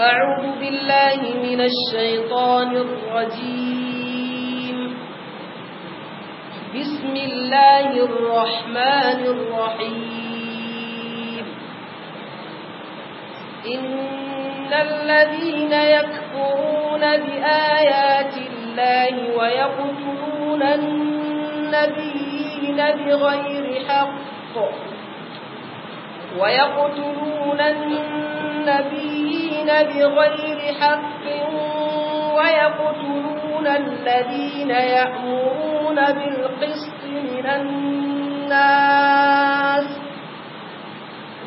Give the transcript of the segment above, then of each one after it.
أعوذ بالله من الشيطان الرجيم بسم الله الرحمن الرحيم إن الذين يكفرون بآيات الله ويقتلون النبيين بغير حق ويقتلون النبيين الدين بغير حق ويقتلون الذين يأمرون بالقسط من الناس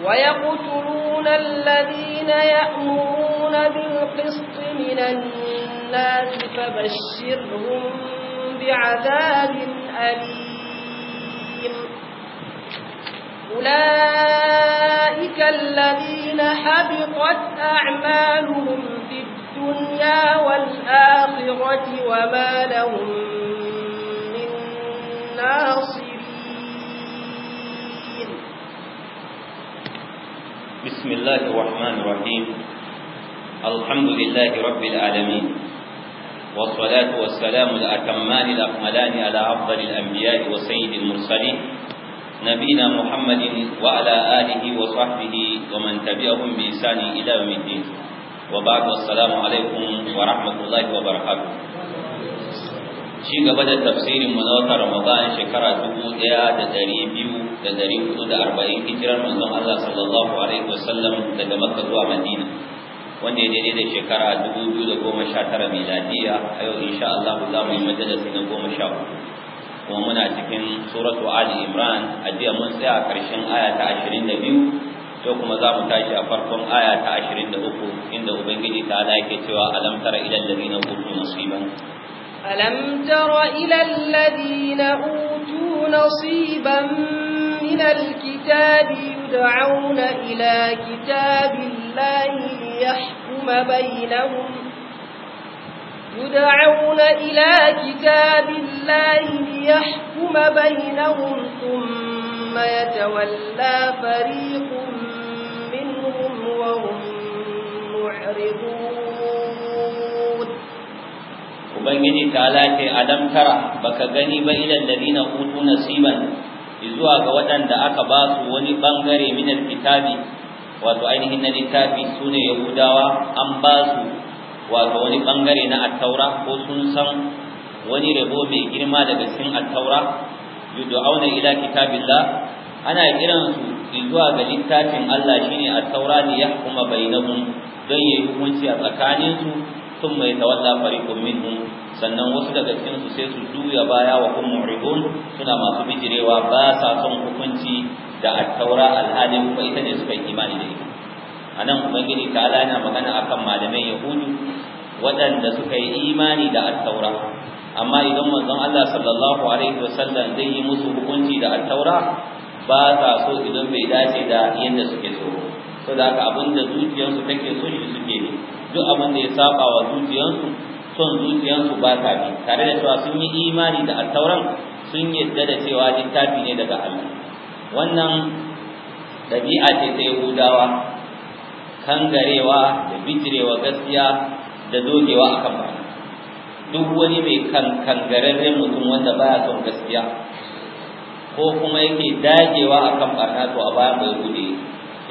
ويقتلون الذين يأمرون بالقسط من الناس فبشرهم بعذاب أليم أولئك أولئك الذين حبطت أعمالهم في الدنيا والآخرة وما لهم من ناصرين بسم الله الرحمن الرحيم الحمد لله رب العالمين والصلاة والسلام الأتمان الأكملان على أفضل الأنبياء وسيد المرسلين نبينا محمد وعلى آله وصحبه ومن تبعهم بإحسان إلى يوم الدين وبعد والسلام عليكم ورحمة الله وبركاته shi gaba da tafsirin mu na watan Ramadan shekara 1200 da 440 hijirar manzon Allah sallallahu alaihi wasallam daga Makka zuwa Madina wanda ya daidai da shekara tara, miladiya a yau insha Allah za mu yi majalisi na 10 kuma muna cikin suratu ali imran a jiya mun tsaya a ƙarshen aya ta 22 yau kuma za mu tashi a farkon aya ta 23 inda ubangiji ta ala yake cewa alam tara ila alladhina utu nasiban alam tara ila alladhina utu nasiban min alkitabi yud'auna ila kitabillahi liyahkuma bainahum يدعون إلى كتاب الله ليحكم بينهم ثم يتولى فريق منهم وهم معرضون Ubangiji ta lafi alam tara baka gani ba idan ladina hutu nasiban zuwa ga waɗanda aka ba su wani ɓangare minar kitabi wato ainihin na littafi su ne yahudawa an ba su wato wani bangare na attaura ko sun san wani rabo mai girma daga cikin attaura yud'auna ila kitabillah ana kiran su zuwa ga littafin Allah shine attaura ne ya kuma bainahum don yayi hukunci a tsakanin su sun mai tawalla fariqum minhum sannan wasu daga cikin su sai su duya baya wa kum mu'ridun suna masu bijirewa ba sa son hukunci da attaura alhalin ko ita ne suka imani da ita anan ubangiji ta'ala yana magana akan malamai yahudu waɗanda suka yi imani da at amma idan manzon Allah sallallahu alaihi wasallam zai yi musu hukunci da at ba ta so idan bai dace da yadda suke so so da abin da zuciyarsu take so shi suke ne duk abin da ya saba wa zuciyarsu son zuciyarsu ba ta bi tare da cewa sun yi imani da at sun yadda da cewa littafi ne daga Allah wannan dabi'a ce ta Yahudawa kangarewa da bijirewa gaskiya da dogewa akan kafa duk wani mai kan mutum wanda baya son gaskiya ko kuma yake dagewa akan barna to a bayan bai gude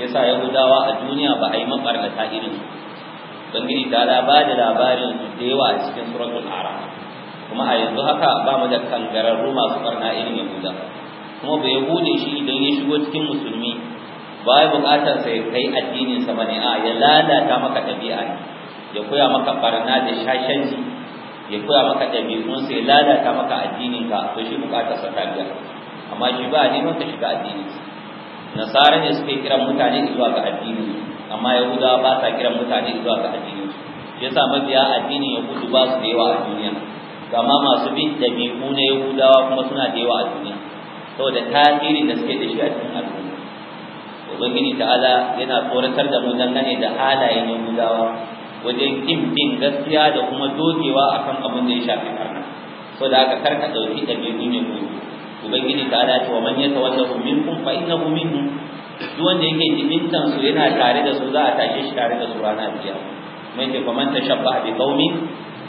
ya yahudawa a duniya ba a yi mabarnata irin su bangiji ta da ba da labarin su da yawa a cikin suratul araf kuma a yanzu haka ba mu da kangararru masu barna irin yahuda kuma bai yahude shi idan ya shigo cikin musulmi ba ya bukatar sai kai addinin sa bane a ya lalata maka dabi'a ne ya koya maka barna da shashanci ya koya maka dabi'un sai lalata maka addinin ka to shi bukatar sa ta biya amma shi ba ne ta shiga addinin sa nasara ne suke kiran mutane zuwa ga addini amma yahudawa ba sa kira mutane zuwa ga addini shi yasa mabiya addinin gudu ba su da yawa a duniya amma masu bin dabi'u na yahudawa kuma suna da yawa a duniya saboda tasirin da suke da shi a cikin al'umma ubangiji ta'ala yana tsoratar da mu dangane da halayen yahudawa wajen kin bin gaskiya da kuma dogewa akan abin da ya shafi karna so da aka karka dauki dabi'u ne mu ubangiji ta'ala ta man yatawallahu minkum fa innahu minhum duk wanda yake jibintan su yana tare da su za a tashe shi tare da su rana biya mai ce ta shabba bi qaumi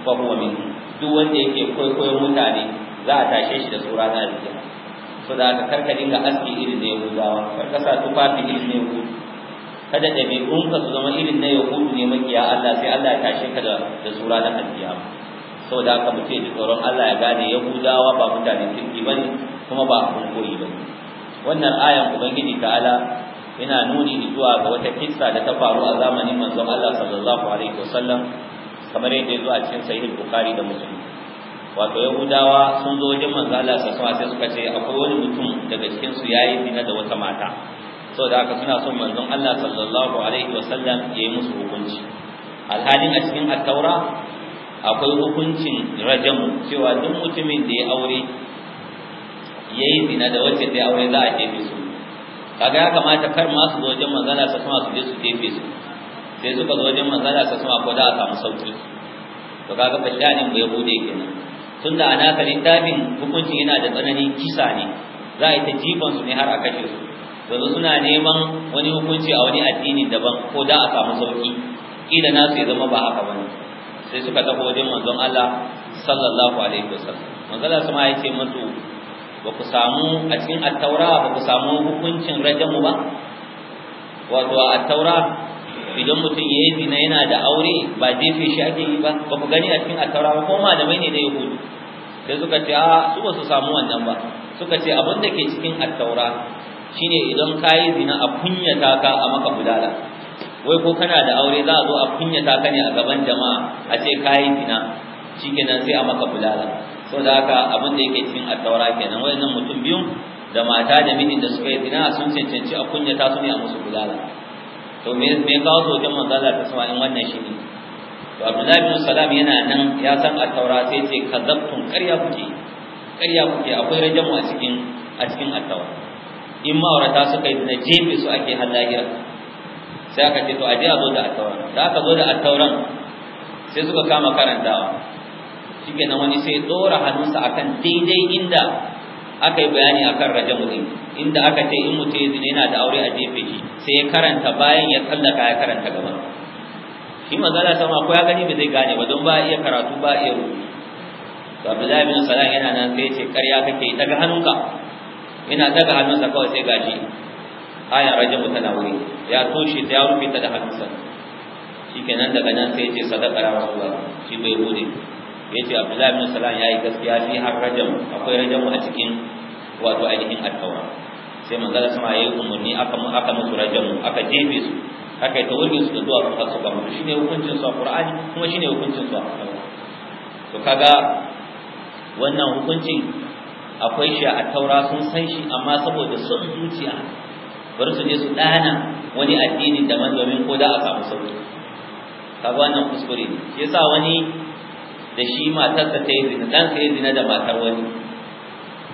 fa huwa minhum duk wanda yake kwaikwayon mutane za a tashe shi da su rana biya so da aka karka dinga aski irin na yahudawa ka sa tufafi irin na yahudu kada ɗabi'unka su zama irin na yahudu ne makiya Allah sai Allah ya tashe ka da sura na alkiyama da haka mutu da tsoron Allah ya gane yahudawa ba mutane kirki ba ne kuma ba abun ba wannan ayan ubangiji ta'ala yana nuni zuwa ga wata kissa da ta faru a zamanin manzon Allah sallallahu alaihi wasallam kamar yadda ya zo a cikin sahihul bukhari da muslim wato yahudawa sun zo wajen manzo Allah sallallahu alaihi suka ce akwai wani mutum daga cikin su yayi dina da wata mata saboda haka suna son manzon Allah sallallahu alaihi wasallam yayi musu hukunci alhalin a cikin at-taura akwai hukuncin rajam cewa duk mutumin da ya aure yayi dina da wacce da ya aure za a jefe su kaga ya kamata kar ma su zo wajen manzo Allah sai alaihi su je su jefe su sai suka zo wajen manzo Allah sai alaihi ko da a samu sauki to kaga bashanin bai bude kenan tunda a naka littafin hukuncin yana da tsananin kisa ne za a yi ta jiban su ne har a kashe su yanzu suna neman wani hukunci a wani addini daban ko da a samu sauki kila su ya zama ba haka bane sai suka tafi wajen manzon Allah sallallahu alaihi wasallam manzon Allah ma ya ce musu ba ku samu a cikin at-taura ba ku samu hukuncin rajamu ba wato a at-taura idan mutum ya yi zina yana da aure ba jefe shi ake yi ba ba ku gani a cikin attaura ba ko malamai ne na yahudu sai suka ce a su ba su samu wannan ba suka ce abin da ke cikin attaura shine idan ka yi zina a kunyata ka a maka budala wai ko kana da aure za a zo a kunyata ka ne a gaban jama'a a ce ka yi zina kenan sai a maka bulala saboda haka abin da yake cikin attaura kenan wani mutum biyu da mata da mijin da suka yi zina sun cancanci a kunyata su ne a musu budala to me me kawo sokin manzo Allah ta sama in wannan shi ne to Abdullahi bin Salam yana nan ya san at-Taura sai ce kazabtum ƙarya kuke ƙarya kuke akwai rajamu a cikin a cikin at-Taura in ma'aurata suka yi na jefe su ake har lahira sai aka ce to aje a zo da at-Taura da aka zo da at sai suka kama karantawa nan wani sai dora hannunsa akan daidai inda aka yi bayani akan rajamu din inda aka ce in mutum ya zina yana da aure a jefe shi sai ya karanta bayan ya tsallaka ya karanta gaba shi magana sama ko ya gani ba zai gane ba don ba iya karatu ba iya rubutu to Abdullahi bin Salam yana nan sai ya ce karya kake daga hannunka yana daga hannunsa kawai sai gashi aya rajamu tana wuri ya toshe ta ya rufe ta da hannunsa kenan daga nan sai ya ce sadaka rasulullah shi bai gode yace Abdullahi bin Salam yayi gaskiya fi har rajam akwai rajam a cikin wato ainihin at-taura sai Allah sama yayi umarni aka aka musu rajam aka jefe su aka yi tawalli su zuwa kan su gamu shine hukuncin su a Qur'ani kuma shine hukuncin su a to kaga wannan hukuncin akwai shi a taura sun san shi amma saboda sun zuciya bari su je su dana wani addini daban domin ko da a samu sauki kaga wannan kuskure ne yasa wani da shi matarsa ta yi zina ɗansa ya zina da matar wani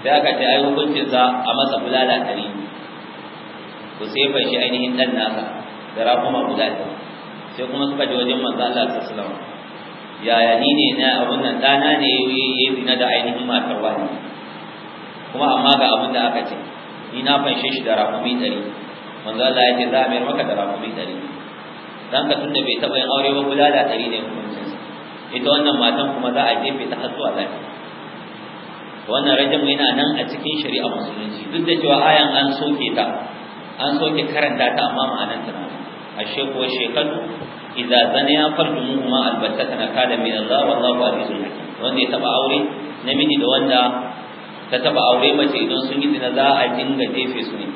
sai aka ce ai sa a masa bulala ɗari to sai shi ainihin ɗan nasa da rakuma guda ɗaya sai kuma suka je wajen manzo Allah sallallahu alaihi yaya ni ne na abun nan dana ne ya zina da ainihin matar wani kuma amma ga abin da aka ce ni na fanshe shi da rafumi ɗari manzo Allah ya ce za a mayar maka da rafumi ɗari dan ka tunda bai taɓa yin aure ba bulala ɗari ne hukuncin ita wannan matan kuma za a jefe ta har zuwa zafi wannan rajam yana nan a cikin shari'a musulunci duk da cewa ayan an soke ta an soke karanta ta amma ma'anar ta ashe shekuwa shekaru idza ma albatta na kada min Allah wallahu azizun hakim wanda ya taba aure namiji da wanda ta taba aure mace idan sun yi zina za a dinga jefe su ne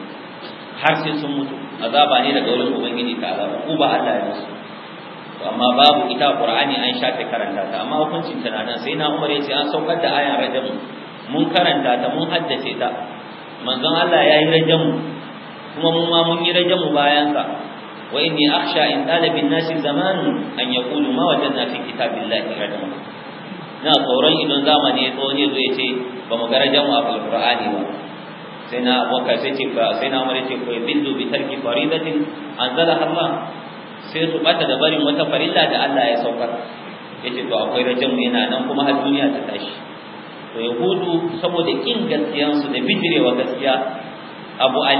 har sai sun mutu azaba ne daga wurin ubangiji ta azaba ku ba Allah ya musu amma babu ita qur'ani an shafe karanta ta amma hukuncin tana nan sai na umar yace an saukar da ayan rajam mun karanta ta mun haddace ta manzon Allah yayi rajam kuma mun ma mun yi rajam bayan ka? wa inni akhsha in talabin nasi zaman an yaqulu ma wajanna fi kitabillahi rajam na tsoron idan zamani ya tsoje zo yace ba mu ga rajam a alqur'ani ba sai na abokai sai ce ba sai na umar yace ko bidu bi tarki faridatin anzalaha Allah sai su bata da barin wata farilla da Allah ya saukar yace to akwai rajamu yana nan kuma har duniya ta tashi to yahudu saboda kin su da wa gaskiya abu a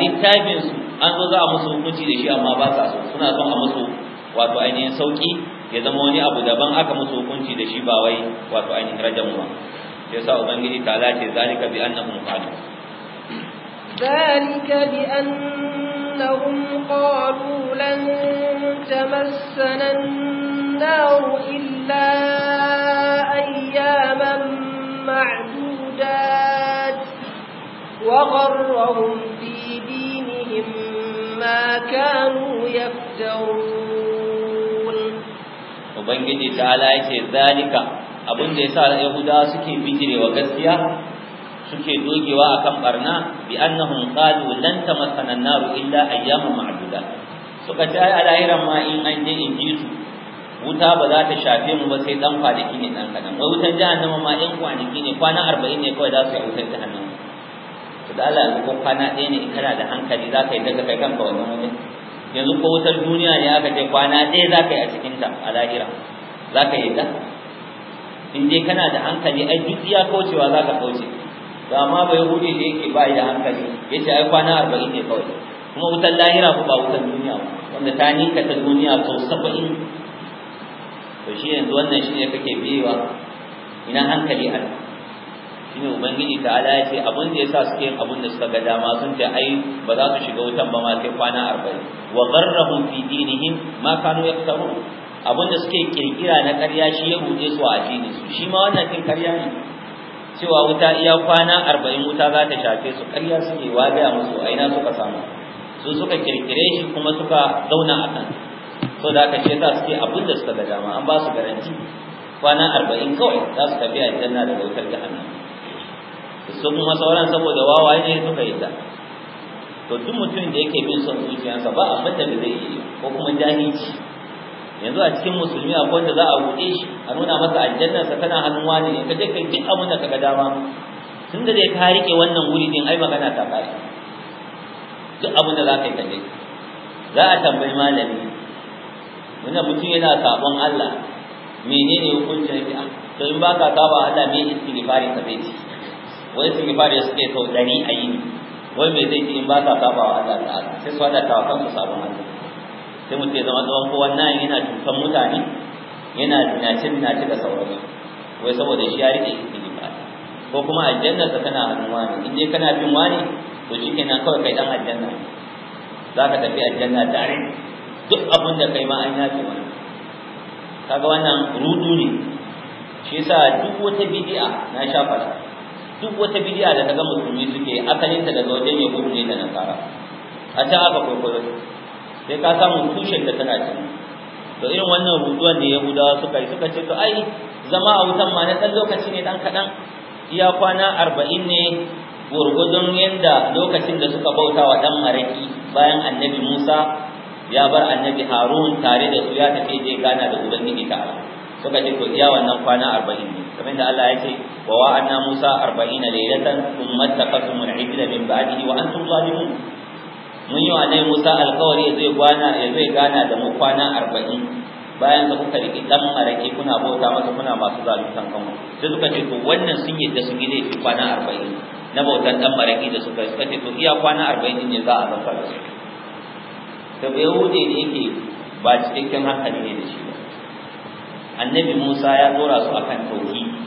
su, an zo za a musu hukunci da shi amma ba sa so suna son a musu wato ainihin sauki ya zama wani abu daban aka musu hukunci da shi ba wai wato ainihin rajin ba yasa ubangiji ta lace zalika bi annahum qalu zalika bi annahum أنهم قالوا لن تمسنا النار إلا أياما معدودات وغرهم في دينهم ما كانوا يفترون وبنجد تعالى يتي ذلك abin da yasa yahuda suke bijire wa gaskiya suke dogewa akan barna bi annahum qalu lan tamassana an-nar illa ayyama ma'duda suka ce ai alahiran ma in an je in ji su wuta ba za ta shafe mu ba sai dan kwanaki ne dan kadan wai wutar jahannama ma in kwanaki ne kwana 40 ne kawai za su yi wutar jahannama to da Allah ko kwana ɗaya ne kana da hankali za ka yi daga kai kanka wannan wajen yanzu ko wutar duniya ne aka ce kwana ɗaya za ka yi a cikin ta a lahira za ka yi da in dai kana da hankali ai duk iya kaucewa za ka kauce to amma bai hude da yake ba ya hankali yace ai kwana 40 ne kawai kuma wutar lahira ko ba wutar duniya ba wanda ta ninka ta duniya to 70 to shi yanzu wannan shine kake biyewa ina hankali a shine ubangiji ta ala yace abin da yasa suke yin abin da suka ga dama sun ce ai ba za su shiga wutan ba ma sai kwana 40 wa gharrahum fi dinihim ma kanu yaktarun abin da suke kirkira na ƙarya shi ya rude su a addini su shi ma wannan din ƙarya ne cewa wuta iya kwana arba'in wuta za ta shafe su karya suke wagaya musu a ina suka samu su suka kirkire shi kuma suka zauna a kan so da aka ce za su ke abin da suka ga dama an ba su garanti kwana arba'in kawai za su tafi aljanna da wutar jahannam su kuma sauran saboda wawaye ne suka yi ta to duk mutumin da yake bin son zuciyarsa ba abin da zai yi ko kuma jahilci yanzu a cikin musulmi akwai wanda za a buɗe shi a nuna masa aljannar sa tana hannun wani ne ka je kai duk abin da kaga dama tunda dai ka rike wannan wuri din ai magana ta kare duk abin da za ka yi kaje za a tambayi malami wanda mutum yana sabon Allah menene hukuncin shi to in baka saba Allah me istighfari ka zai ci wai istighfari suke sau 100 a yini wai me zai ci in baka saba Allah ta'ala sai su hada tawakkal sabon Allah sai mutum ya zama tsawon kowa nan yana tukan mutane yana dinacin na da sauransu wai saboda shi ya rike ba ko kuma aljanna ta kana hannun wani in dai kana bin wani to kenan kawai kai dan aljanna za ka tafi aljanna tare duk abin da kai ma an yafi wani kaga wannan rudu ne shi yasa duk wata bid'a na sha fara duk wata bid'a da kaga musulmi suke akalin ta daga wajen yahudu ne da nasara a ta aka kwaikwayo sai ka samu tushen da tana ci to irin wannan rubuwan da yahudawa suka yi suka ce to ai zama a wutan ma na ɗan lokaci ne ɗan kaɗan iya kwana arba'in ne gurgudun yadda lokacin da suka bauta wa ɗan maraƙi bayan annabi musa ya bar annabi harun tare da su ya tafi je gana da ubangiji Allah suka ce to iya wannan kwana 40 ne kamar da Allah ya ce wa wa'anna Musa 40 laylatan thumma taqatum al-ijla min ba'dihi wa antum zalimun mun yi wa nai Musa alkawari zai gwana ya zai gana da mu kwana arba'in bayan da kuka riƙe ɗan maraƙi kuna bauta masa kuna masu zaluntan kama, sai suka ce to wannan sun yadda sun yi laifi kwana arba'in na bautan ɗan maraƙi da suka suka ce to iya kwana arba'in ne za a zafa da su to bai hude da yake ba cikakken hankali ne da shi ba annabi Musa ya dora su akan tauhidi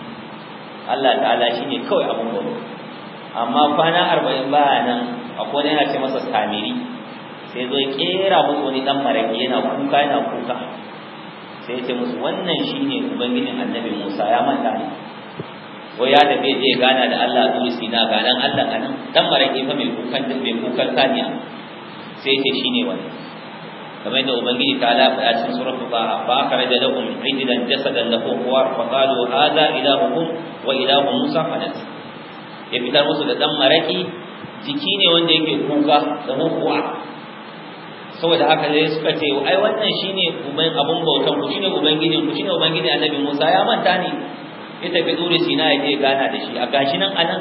Allah ta'ala shine kawai abun bauta amma kwana arba'in baya nan akwai wani yana ce masa samiri sai zo kera musu wani dan maraki yana kuka yana kuka sai ce musu wannan shine ubangijin annabi Musa ya manta ne Ko ya tafi je gana da Allah a turi sina ga nan Allah anan dan maraki fa mai kukan din mai kukan saniya sai ce shine wannan kamar da ubangiji ta ala faɗa cikin suratu ba ba da lahum ijlan jasadan lahu wa qalu hadha ilahukum wa ilahu musa fanasi ya fitar musu da dan maraki jiki ne wanda yake kuka da mukuwa. saboda haka dai suka ce ai wannan shine uban abun bautan ku shine ubangijin ku shine ubangijin annabi Musa ya manta ne ya tafi zuri Sina ya je gana da shi a gashi nan anan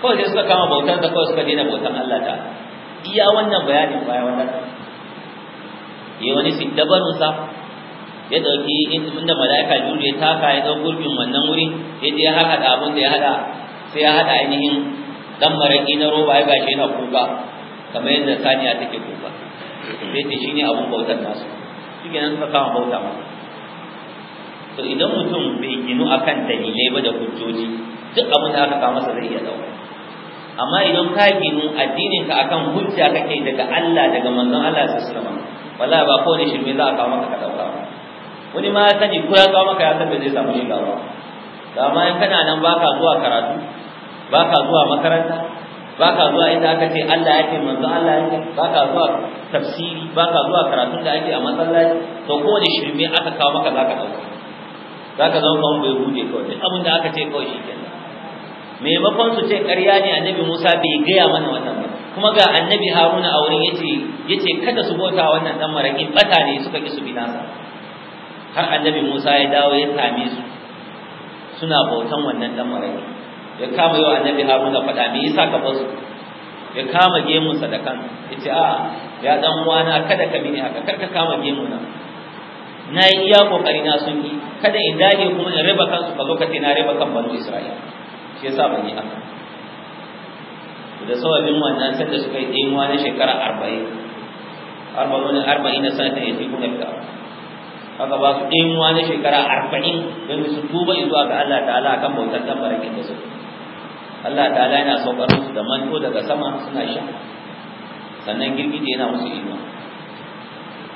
kawai sai suka kama bautan da kawai suka daina bautan Allah ta iya wannan bayanin baya wannan Ya wani siddabarun sa ya dauki inda malaika juri ya taka ya dau gurbin wannan wuri ya je ya haka da abun da ya hada sai ya hada ainihin dan maraki na roba ya gashi yana kuka kamar yadda saniya take kuka sai ta shine abun bautar nasu shike nan suka kama bauta masa to idan mutum bai ginu akan dalilai ba da hujjoji duk abin da aka kama masa zai iya dawo amma idan ka ginu addinin ka akan hujja kake daga Allah daga manzon Allah sallallahu alaihi wasallam wallahi ba kowane shirme za a kawo maka ka dauka wani ma ya sani ko ya kawo maka ya san ba zai samu shiga ba amma in kana nan baka zuwa karatu ba ka zuwa makaranta ba ka zuwa inda aka ce Allah ya manzo Allah ya baka ba ka zuwa tafsiri ba ka zuwa karatun da ake a masallaci to kowane shirme aka kawo maka za ka zaka za ka zama kawai bai hude kawai duk abin da aka ce kawai shi kenan maimakon su ce ƙarya ne annabi Musa bai gaya mana wannan ba kuma ga annabi Haruna a wurin yace yace kada su bota wannan dan maraki bata ne suka ki su bi nasa har annabi Musa ya dawo ya same su suna bautan wannan dan maraki ya kama yau annabi haruna faɗa me yasa ka basu ya kama gemun sa da kan ya ce a'a ya dan uwana kada ka mini haka kar ka kama gemuna na yi iya kokari na sun yi kada in dage kuma in riba kansu ka zo ka ce na riba kan banu isra'ila shi yasa ban yi haka da sababin wannan sai da suka yi ɗimuwa na shekara arba'in arba'in arba'in na sanata ya fi kuma fita haka ba su ɗimuwa na shekara arba'in don su tuba zuwa ga Allah ta'ala akan bautar tambarin barakin da su Allah ta'ala yana saukar musu da manto daga sama suna sha sannan girgije yana musu inuwa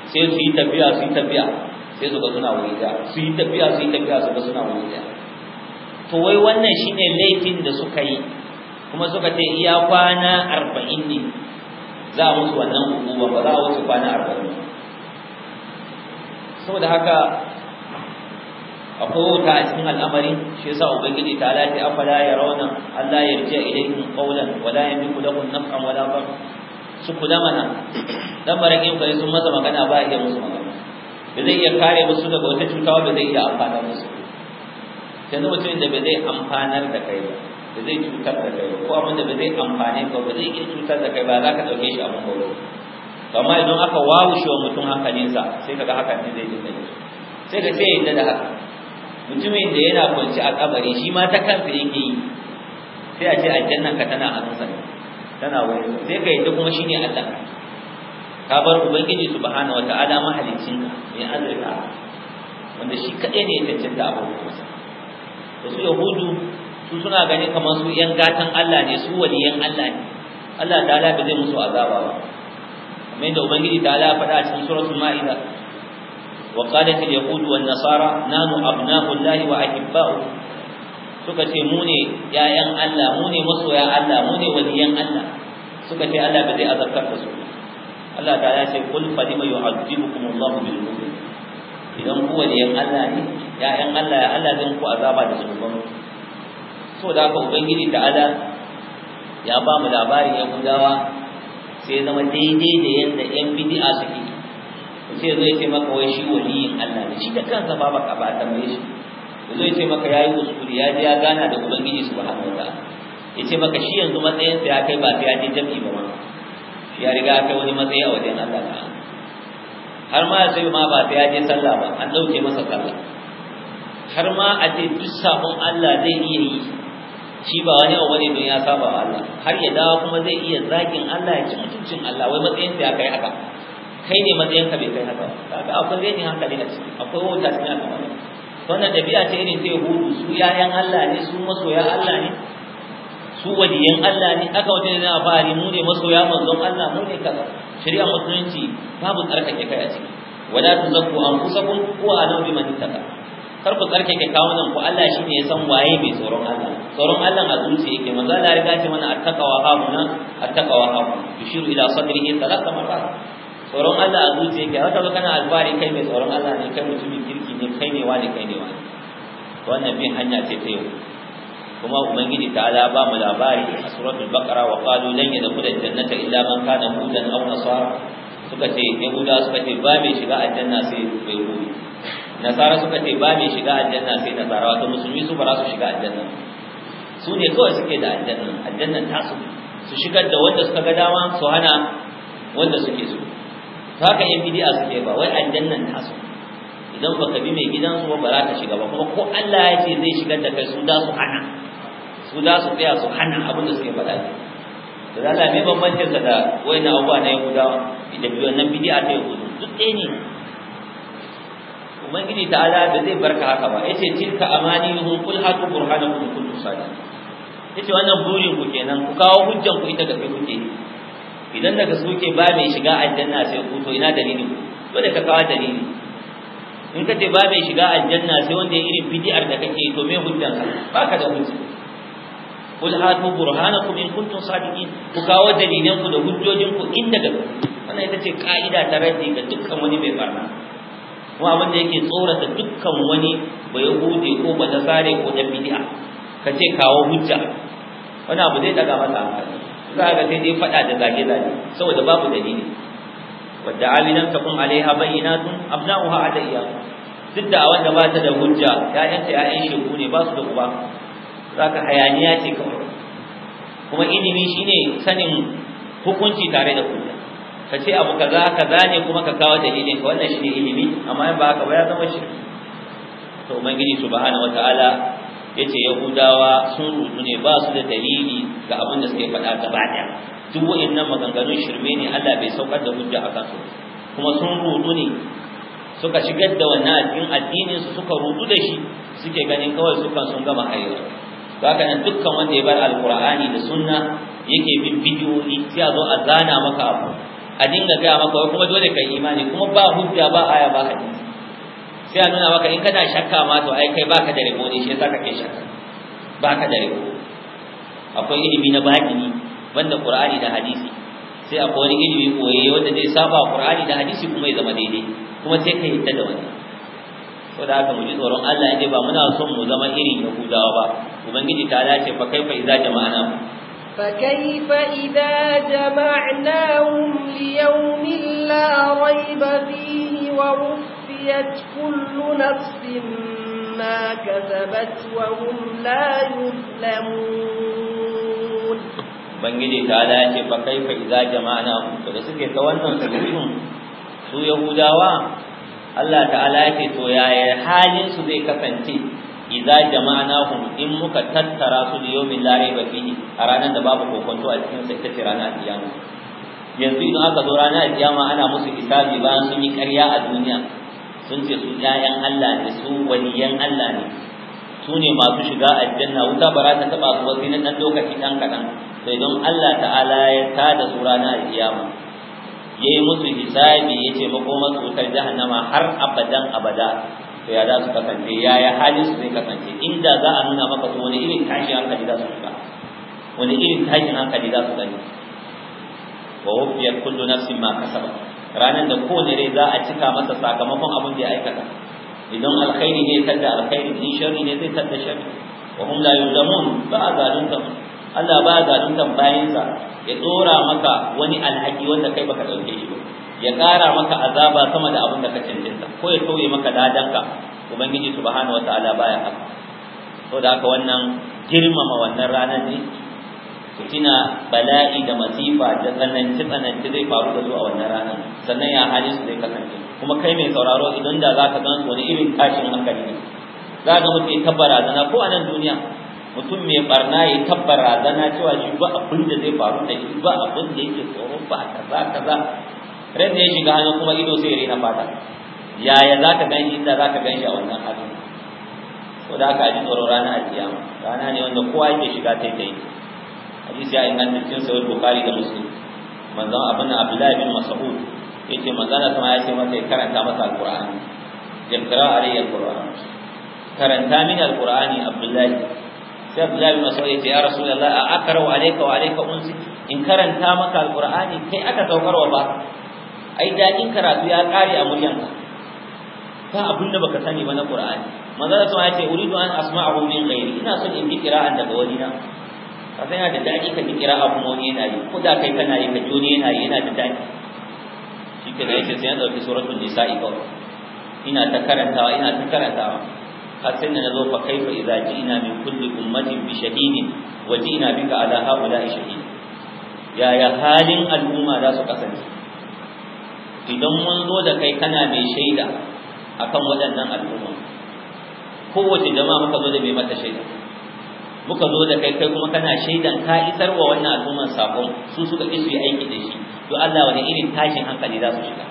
sai su yi tafiya su yi tafiya sai su ga suna wuri ɗaya su yi tafiya su yi tafiya su ga suna wuri ɗaya to wai wannan shine laifin da suka yi kuma suka ce iya kwana arba'in ne za a musu wannan hukuma ba za a kwana arba'in saboda haka akwai wuta a cikin al'amari shi yasa ubangiji ta lati afala ya rauna Allah ya rija ilayhim qawlan wala yamliku lakum naf'an wala dhar su kula mana dan barakin fa sun masa magana ba iya musu magana ba zai iya kare musu daga wata cuta ba zai iya amfana musu yanzu mutum da bai zai amfanar da kai ba ba zai cutar da kai ko abin da ba zai amfane ka ba zai iya cutar da kai ba za ka dauke shi a gobe amma idan aka wawushe wa mutum hankalinsa sai kaga haka ne zai yi sai ka ce yadda da haka mutumin da yana kwanci a kabari shi ma ta kansa yake yi sai a ce aljannan ka tana hannunsa tana wani sai ka yadda kuma shi ne Allah ka bar ubangiji su wata ala mahalicin mai azurka wanda shi kaɗai ne ya tantance abubuwan masa da su yahudu su suna gani kamar su yan gatan Allah ne su waliyan Allah ne Allah ala ba zai musu azaba ba kamar yadda ubangiji ala faɗa a cikin suratul ma'ida وقالت اليهود والنصارى نحن أبناء الله وأحباؤه suka ce mu ne ‘ya'yan Allah mu ne masoya Allah mu ne waliyan Allah suka ce Allah ba zai azabtar da su Allah ta ya ce kul fa lima yu'azzibukum Allah bil kufr idan ku waliyan Allah ne ‘ya'yan Allah ya Allah zai ku azaba da su ban so da haka ubangiji da Allah ya ba mu labarin gudawa sai zama daidai da yadda ‘yan bidi'a suke sai zai ce maka wai shi waliyin Allah ne shi da kansa ba baka ba ta mai shi zai ce maka yayi usuli ya ji ya gana da ubangiji subhanahu wa ta'ala ya ce maka shi yanzu matsayin sa ya kai ba sai ya je jami'i ba ma ya riga kai wani matsayi a wajen Allah ta'ala har ma sai ma ba sai ya je sallah ba an dauke masa sallah har ma a ce duk sabon Allah zai iya yi shi ba wani abu bane don ya saba wa Allah har ya dawo kuma zai iya zakin Allah ya ci mutuncin Allah wai matsayin sa ya kai haka kai ne matsayinka bai kai haka ga akwai rajin hankali a ciki akwai wauta cikin al'amari da biya ce irin ta hudu su yayan Allah ne su masoya Allah ne su waliyan Allah ne aka wata ne na fari mu ne masoya manzon Allah mu ne kaza shari'a musulunci babu tsarkake kai a ciki wala tuzakku anfusakum a a'lamu biman ittaqa kar ku tsarkake kawunan ku Allah shine ya san waye mai tsoron Allah tsoron Allah a zuciya yake manzo Allah ya riga ce mana attaqwa hamuna takawa hamu yushiru ila sadrihi talaka marrat tsoron Allah a zuciya yake haka ba kana alfahari kai mai tsoron Allah ne kai mutumin kirki ne kai ne wani kai ne wani wannan bin hanya ce ta yau kuma ubangiji ala ba mu labari a suratul baqara wa qalu lan yadkhula jannata illa man kana hudan aw nasara suka ce yahuda suka ce ba mai shiga aljanna sai mai hudu nasara suka ce ba mai shiga aljanna sai nasara wato musulmi su ba za su shiga aljanna su ne kawai suke da aljanna aljanna ta su su shigar da wanda suka ga dama su hana wanda suke so haka yan bid'a suke ba wai aljannan ta su idan baka bi mai gidan ba ba za ka shiga ba kuma ko Allah ya ce zai shigar da kai su da su hana su da su tsaya su hana abin da suke faɗa da Allah mai bambancin ka da na abuwa na guda idan biyo nan bid'a ta Yahudu duk ɗaya ne ubangiji ala da zai barka haka ba yace tilka amaniyuhum qul hatu burhanakum kuntum sadiqin yace wannan burin ku kenan ku kawo hujjan ku ita da kai kuke idan daga suke ba mai shiga aljanna sai ku to ina dalilin ku dole ka kawo dalili in ka ce ba mai shiga aljanna sai wanda ya irin bid'ar da kake to me hujjan ka baka da hujja kul hatu burhanakum in kuntum sadiqin ku kawo dalilan ku da hujjojin ku inda ga wannan ita ce ka'ida ta raddi ga dukkan wani mai barna kuma abin da yake tsorata dukkan wani bai hude ko ba sare ko da bid'a ka ce kawo hujja wani abu zai daga masa hankali za sai dai faɗa da zage-zage saboda babu dalili wadda amilan ta kun alaiha bayyinatun abna'uha adaiya duk da wanda ba ta da hujja ya ya yin shegu ne ba su da uba za ka hayaniya ce kawai kuma ilimi shine sanin hukunci tare da hujja ka ce abu kaza kaza ne kuma ka kawo dalilin ka wannan shine ilimi amma in ba haka ba ya zama shi to ubangiji subhanahu wataala yace yahudawa sun rudu ne ba su da dalili ga abin da suke faɗa gaba ɗaya duk wa'annan maganganun shirme ne Allah bai saukar da hujja akan su kuma sun rudu ne suka shigar da wannan addinin addinin su suka rudu da shi suke ganin kawai sukan sun gama ayyuka haka nan dukkan wanda ya bar alqur'ani da sunna yake bin bidiyoyi sai a zo a zana maka abu a dinga gaya maka kuma dole kai imani kuma ba hujja ba aya ba hadisi sai a nuna maka in kana shakka ma to ai kai baka da rabo ne shi zaka kai shakka baka da rabo akwai ilimi na batini banda qur'ani da hadisi sai akwai wani ilimi koye wanda zai saba qur'ani da hadisi kuma ya zama daidai kuma sai ka yadda da wani saboda haka mu ji tsoron Allah ne ba muna son mu zama irin Yahudawa ba ubangiji ta dace fa kaifa idza jama'ana فكيف إذا جمعناهم ليوم لا ريب فيه ورسل ووفيت كل نفس ما كسبت وهم لا يظلمون بنجي تعالى ce fa kaifa جمعنا jama'na da suke ta wannan surutun su yahudawa Allah ta'ala yake to yaya halin su zai kasance idza jama'nahum in muka tattara su da yawmin a ranar cikin ranar yanzu idan aka zo ranar kiyama ana musu hisabi ba sun yi ƙarya a duniya sun ce su ƴaƴan Allah ne su waliyan Allah ne su ne masu shiga aljanna wuta ba za ta taba su ba sai na dan lokaci dan kadan sai don Allah ta'ala ya tada su ranar Ya yi musu hisabi ya yace makomar su wutar jahannama har abadan abada to ya za su kasance yaya halin su zai kasance inda za a nuna maka su wani irin tashin hankali za su shiga wani irin tashin hankali za su gani wa wufiyat kullu nafsin ma kasabat ranar da kowane rai za a cika masa sakamakon abin da ya aikata idan alkhairi ne tadda alkhairi in sharri ne zai tadda sharri wa hum la yuzamun ba a zalunta Allah ba a bayin bayansa ya tsora maka wani alhaki wanda kai baka dauke shi ba ya kara maka azaba sama da abin da ka cancanta ko ya tauye maka dadanka ubangiji subhanahu wataala baya haka saboda haka wannan girmama wannan ranar ne fitina bala'i da masifa da tsananci tsananci zai faru da su a wannan ranar sannan ya halin su zai kasance kuma kai mai sauraro idan da za ka gansu wani irin tashin hankali ne za ka mutu ya tabbara zana ko a nan duniya mutum mai barna ya tabbara zana cewa shi ba abin da zai faru da shi ba abin da yake tsoro ba kaza kaza ran da ya shiga hannun kuma ido sai ya rena fata yaya za ka gan shi inda za ka gan shi a wannan halin ko da aka ji tsoro ranar alkiyama rana ne wanda kowa yake shiga taitai hadisi ya inganta cikin sahih bukhari da muslim manzon abin abdullahi bin mas'ud yace manzon sama ya ce masa ya karanta masa alqur'ani yaqra alayhi alqur'an karanta min alqur'ani abdullahi sai abdullahi bin mas'ud yace ya rasulullah a wa alayka wa alayka unzi in karanta maka alqur'ani kai aka saukarwa ba ai da in karatu ya kare a muryanka ba abin da baka sani ba na qur'ani manzon sama ya ce uridu an asma'ahu min ghairi ina son in ji qira'an daga wani na Kasa yana da daɗi ka kira kira'a kuma wani yana yi ko da kai kana yi ka joni yana yi yana da daɗi shi ke da ce sai na ɗauki suratul nisa'i kawai ina ta karantawa ina ta karantawa har sai na zo fa kaifa idza ji'na min kulli ummatin bi shahidin wa ji'na bika ala haula'i ya yaya halin al'umma za su kasance idan mun zo da kai kana mai shaida akan waɗannan al'umma kowace jama'a muka zo da mai mata shaida muka zo da kai kai kuma kana shaidan ka isar wa wannan al'umman sakon su suka ki su yi aiki da shi to Allah wani irin tashin hankali za su shiga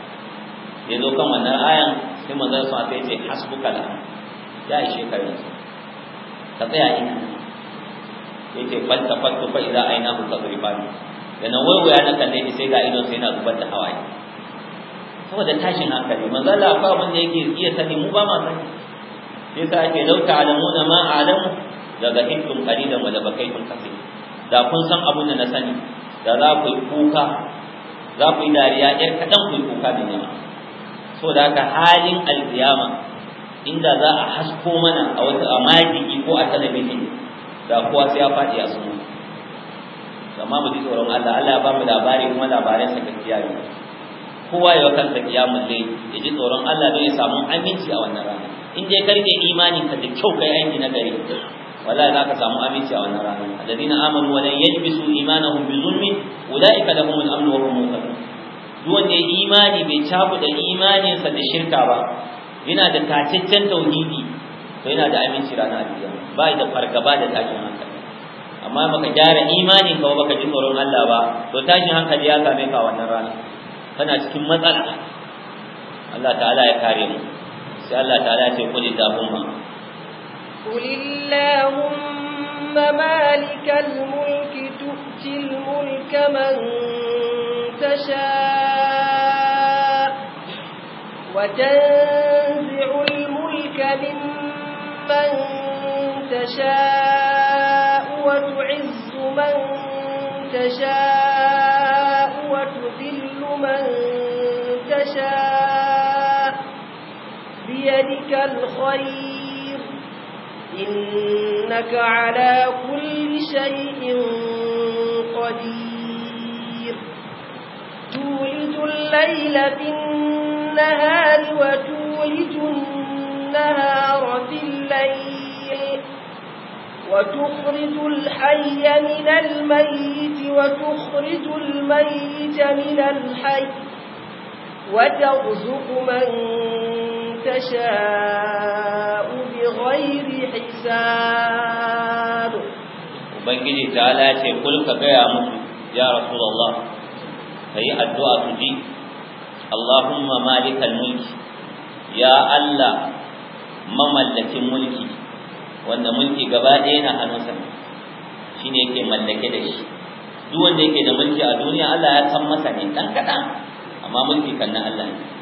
ya zo kan wannan ayan sai manzon sa sai ce hasbuka la ya ishe ka yanzu ka tsaya ina yace fal tafattu fa idza aynahu tadrifani yana waiwaya na kan dai sai ga idon sai yana zubar da hawaye saboda tashin hankali manzo Allah akwai abin yake iya sani mu ba ma sani sai sa ake lauka alamuna ma alamu Daga zahidtum qalilan wa labakaytum kathir da kun san abun da na sani da za ku yi kuka za ku yi dariya yar kadan ku yi kuka da yawa so da haka halin alkiyama inda za a hasko mana a wata amajiki ko a talabijin da kuwa sai ya faɗi a sunu amma mu ji tsoron Allah Allah ya ba mu labari kuma labarin sa gaskiya ne kowa ya kansa kiyamul layl ya ji tsoron Allah don ya samu aminci a wannan rana in dai karke imanin ka da kyau kai aiki na gari wallahi zaka samu aminci a wannan rana alladina amanu wa lam yajbisu imanahum bi zulmin ulaika lahum al-amn wa hum muhtadun duk wanda ya imani bai cabu cakuɗa imaninsa da shirka ba yana da tacaccen tauhidi to yana da aminci ranar alkiyama ba da fargaba da tashin hankali amma baka gyara imanin ka baka ji tsoron Allah ba to tashin hankali ya same ka wannan rana kana cikin matsala Allah ta'ala ya kare mu sai Allah ta'ala ya ce kulli tahumma قل اللهم مالك الملك تؤتي الملك من تشاء وتنزع الملك ممن تشاء وتعز من تشاء وتذل من تشاء بيدك الخير إنك على كل شيء قدير تولد الليل في النهار وتولد النهار في الليل وتخرج الحي من الميت وتخرج الميت من الحي وترزق من تشاء بغير حساب وبنجي تعالى يقول كبيا يا رسول الله هي الدعاء تجي اللهم مالك الملك يا الله mamallakin mulki wanda mulki gaba ɗaya na hannunsa shine yake mallake da shi duk wanda yake da mulki a duniya Allah ya san masa ne dan kadan amma mulki kan na Allah ne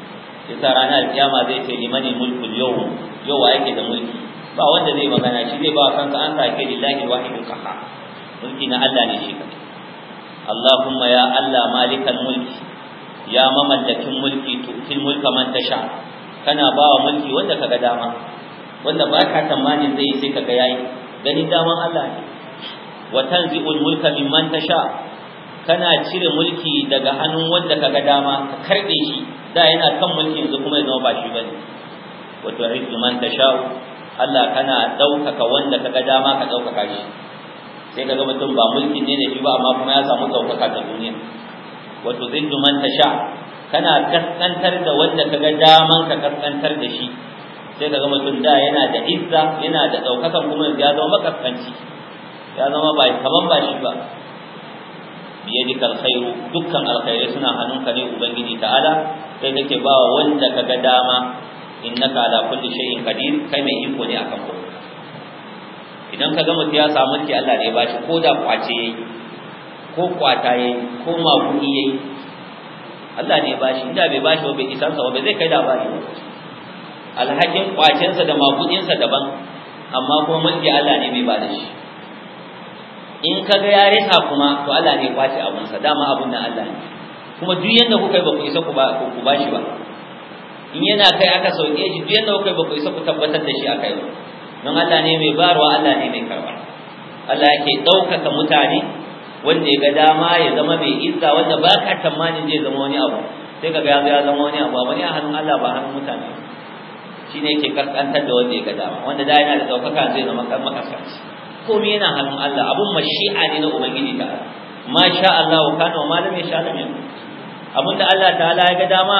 yasa ranar kiyama zai ce limani mulkul yau yau wa yake da mulki ba wanda zai magana shi zai ba kansa an sake lillahi wahidul qahhar mulki na Allah ne shi kadai Allahumma ya Allah malikal mulki ya mamallakin mulki tu'til mulka man tasha kana ba wa mulki wanda kaga dama wanda ba ka tsammanin zai sai kaga yayi Gani daman Allah ne wa tanzi'ul mulka mimman tasha kana cire mulki daga hannun wanda kaga dama ka karbe shi da yana kan mulki yanzu kuma ya zama ba shi bane wa tu'izzu man tasha'u Allah kana daukaka wanda kaga dama ka daukaka shi sai kaga mutum ba mulkin ne ne shi ba amma kuma ya samu daukaka ta duniya wa tuzillu man tasha kana kaskantar da wanda kaga daman ka kaskantar da shi sai kaga mutum da yana da izza yana da daukaka kuma ya zama makaskanci ya zama ba kaman ba shi ba biyadika alkhairu dukkan alkhairai suna hannunka ne ubangiji ta'ala sai kake ba wanda kaga dama innaka ala kulli shay'in qadir kai mai iko ne akan ku idan ka gama ya samu ki Allah ne bashi ko da kwace yayi ko kwata yayi ko maguni yayi Allah ne bashi inda bai bashi ba isan sa ba zai kai labari ba alhakin kwacensa da maguninsa daban amma kuma mulki Allah ne mai ba da shi in ka ga ya resa kuma to Allah ne kwace abun sa dama abun nan Allah ne kuma duk yanda kuka yi ba ku isa ku ba ku ba shi ba in yana kai aka sauke shi duk yanda kuka yi ba ku isa ku tabbatar da shi aka yi ba don Allah ne mai barwa Allah ne mai karba Allah yake ɗaukaka mutane wanda ya ga dama ya zama mai izza wanda ba ka tamanin zai zama wani abu sai ka ga ya zama wani abu wani a hannun Allah ba hannun mutane shi ne yake karkantar da wanda ya ga dama wanda da yana da ɗaukaka zai zama makaskanci komai yana hannun Allah abun mashi'a ne na ubangiji ta ma sha Allah wa kana wa ma lam yasha lam yakun da Allah ta'ala ya ga dama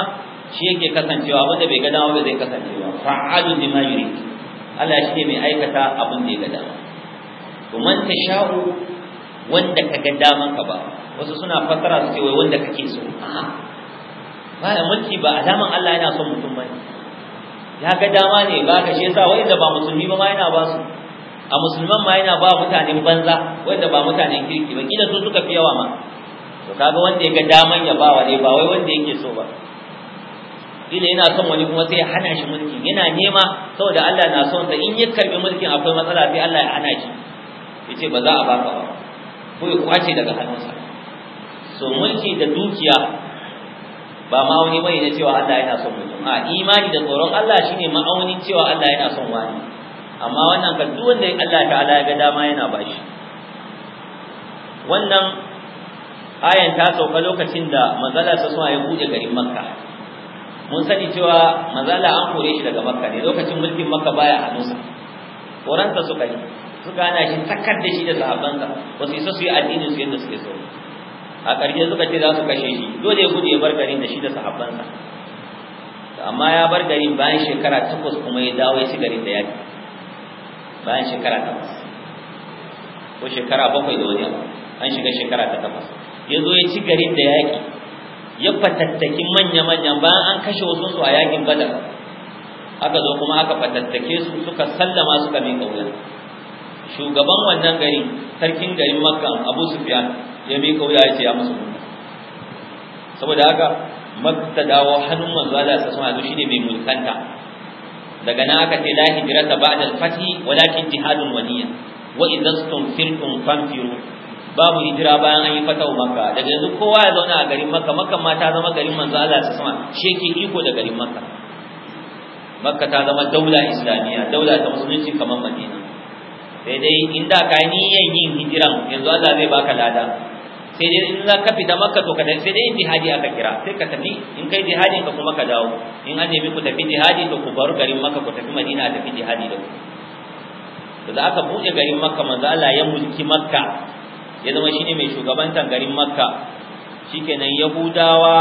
shi yake kasancewa da bai ga dama ba zai kasance ba fa'alu bima yurid Allah shi ne mai aikata abin da ya ga dama to man tasha'u wanda ka ga dama ka ba wasu suna fassara su ce wai wanda kake so a'a ba mulki ba alaman Allah yana son mutum bane ya ga dama ne ba ka shi yasa wanda ba musulmi ba ma yana ba su a musulman ma yana ba mutanen banza wanda ba mutanen kirki ba kila su suka fi yawa ma to kaga wanda ya ga daman ya bawa ne ba wai wanda yake so ba kila yana son wani kuma sai ya hana shi mulki yana nema saboda Allah na son sa in ya karbi mulkin akwai matsala sai Allah ya hana shi yace ba za a baka ba ko ya kwace daga hannunsa so mulki da dukiya ba ma'auni bane na cewa Allah yana son mutum a imani da tsoron Allah shine ma'aunin cewa Allah yana son wani amma wannan kan duk wanda Allah ta'ala ya ga dama yana bashi wannan ayan ta sauka lokacin da mazala sa suna ya bude garin makka mun sani cewa mazala an kore shi daga makka ne lokacin mulkin makka baya a hannunsa ta suka yi suka hana shi takkar da shi da sahabbansa ba su isa su yi addini su yadda suke so a ƙarshe suka ce za su kashe shi dole ya bude ya bar garin da shi da sahabbansa amma ya bar garin bayan shekara takwas kuma ya dawo ya ci garin da yaki bayan shekara takwas ko shekara bakwai da wani an shiga shekara ta takwas ya zo ya ci garin da yaƙi ya fatattaki manya-manya bayan an kashe wasu su a yaƙin badar aka zo kuma aka fatattake su suka sallama suka miƙa wuya shugaban wannan garin sarkin garin makka abu sufiyan ya miƙa wuya ya ce ya musu saboda haka makka dawo hannun manzo Allah ya sa shi ne mai mulkanta daga na aka ce la hijrata ba'da al fath walakin jihadun waniya wa idza stunfirtum fanfiru babu hijira bayan an yi fatawa makka daga yanzu kowa ya zauna a garin makka makka ma ta zama garin manzo Allah ta sama ke iko da garin makka makka ta zama daula islamiyya daula ta musulunci kamar madina sai dai inda ka niyyar yin hijiran yanzu Allah zai baka lada sai dai in za ka fita maka to ka sai dai in jihadi aka kira sai ka tafi in kai jihadi ka kuma ka dawo in an nemi ku tafi jihadi to ku bar garin maka ku tafi madina a tafi jihadi da ku to da aka buɗe garin maka manzo Allah ya mulki maka ya zama shine mai shugabantan garin makka shikenan yahudawa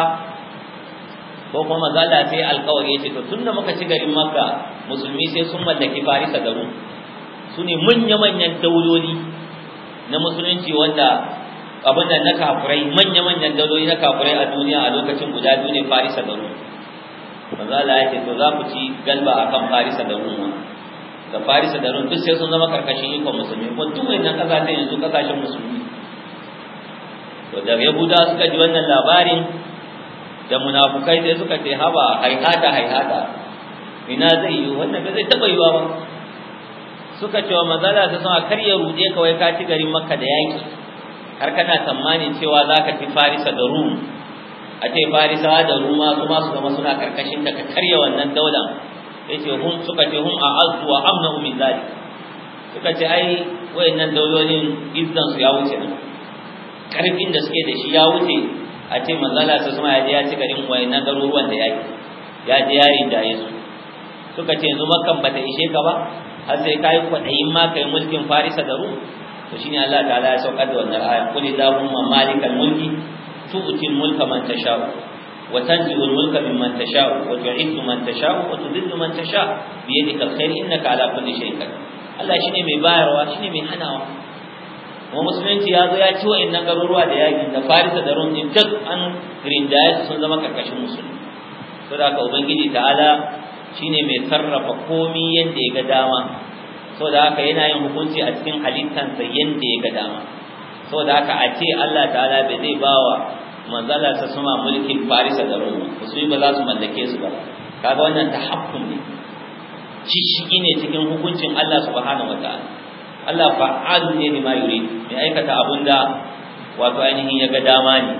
ko kuma manzo Allah sai alƙawari ce, to tunda muka ci garin maka musulmi sai sun mallaki farisa garu su ne manya-manyan dauloli na musulunci wanda abinda na kafurai manya-manyan daloli na kafurai a duniya a lokacin guda biyu ne farisa da rum manzo Allah ya ce to za ku ci galba a kan farisa da rum da farisa da rum duk sai sun zama karkashin ikon musulmi ko duk wannan kasashen yanzu ƙasashen musulmi to da yahuda suka ji wannan labarin da munafukai sai suka ce haba haihata haihata ina zai yi wannan ba zai taba yiwa ba suka ce wa manzo Allah sai sun karya ruɗe kawai ka ci garin Makka da yaki har kana tsammanin cewa za ka fi farisa da rum a ce farisawa da ruma kuma su zama suna karkashin ka karya wannan daular ce hun suka ce hun a azuwa amna amnahu zari suka ce ai nan daulolin izzan su ya wuce nan karfin da suke da shi ya wuce a ce manzala su kuma ya je ya ci garin nan garuruwan da yaki ya je ya rinjaye su suka ce yanzu makan bata ishe ka ba har sai kai kwaɗayin ma kai mulkin farisa da rum to shine Allah ta'ala ya saukar da wannan aya qul illahumma malikal mulki tu'til mulka man tasha'u wa tanzi'ul mulka mimman tasha'u wa tu'izzu man tasha'u wa tudhillu man tasha'u bi yadika alkhair innaka ala kulli shay'in qadir Allah shine mai bayarwa shine mai hanawa Wa musulunci ya zo ya ci wa'annan garuruwa da yaƙi da farisa da rum din duk an rinjaye sun zama karkashin musulmi saboda haka ubangiji ta'ala shine mai sarrafa komi yadda ya ga dama da haka yana yin hukunci a cikin halittansa yanda ya ga dama da haka a ce Allah ta'ala bai zai bawa manzala ta suma mulkin Farisa da Roma su ba za su mallake su ba kaga wannan tahakkun ne shishigi ne cikin hukuncin Allah subhanahu wataala Allah fa'alu ne lima yuri mai aikata abunda wato ainihin ya ga dama ne